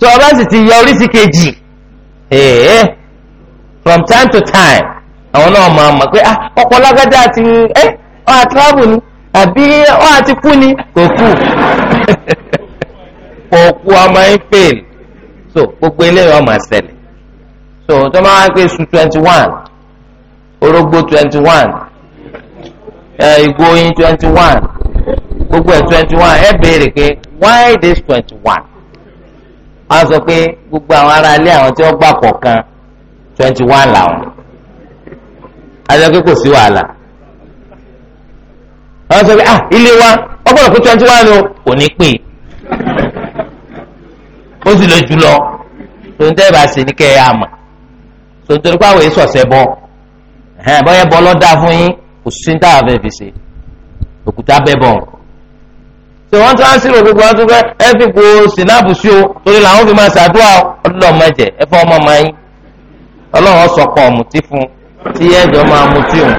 tó o bá sì ti yọ oríṣi kejì ẹ̀ẹ́ from time to time àwọn náà máa mọ̀ pé ah, ọkọ lágbájá ti ẹ́ ọ́ àtúrábù ni àbí ọ́ àti kú ni kò kú. *laughs* òkú ọmọ yín fail so gbogbo eléyìí ọmọ ẹsẹ̀lẹ̀ so tó máa ń pè su twenty one orógbó twenty one ìgò oyin twenty one gbogbo ẹ̀ twenty one ẹ béèrè pé why this twenty one a sọ pé gbogbo àwọn ará ilé àwọn tí wọ́n gbà kọ̀ọ̀kan twenty one làwọn a sọ pé kò sí wàhálà wọ́n sọ pé ah ilé wa ọgbọ́dọ̀ pé twenty one o kò ní pè é. ó sì lè jùlọ tó ń tẹ́ bá ṣe ní kẹ́ ẹ àmọ̀ tó ń torí pàwọ̀ èso ọ̀sẹ̀ bọ̀ ẹ̀hẹ́n bọ́yẹ bọ́ lọ́dà fún yín kò sí ní táwọn afẹ́fẹ́ ṣe òkúta bẹ́ bọ̀ tí wọ́n tún á ń sírò gbogbo wọn tún fẹ́ ẹ fi kó sinapu sí o torí làwọn fi máa ṣàdúrà ọlọ́ọ̀ mẹ́jẹ ẹ fọ́ ọmọ ọmọ yín ọlọ́run sọkọ̀ ọ̀mùtí fún tí ẹ̀jọ̀ máa mutí òun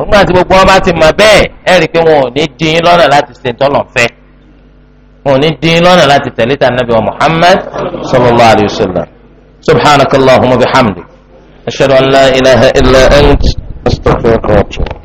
nígbà tí gbogbo wọn bá ti mọ̀ bẹ́ẹ̀ ẹ rí i pé wọn ò ní dín lọ́nà láti ṣe tọ́lọ̀ fẹ́. wọn ò ní dín lọ́nà láti tẹ̀lé ta nabi wa muhammad sallallahu alayhi wa sallam subhanakallahumma bihamdik ashhadu an la ilaha illa ant astaghfiruka wa atubu.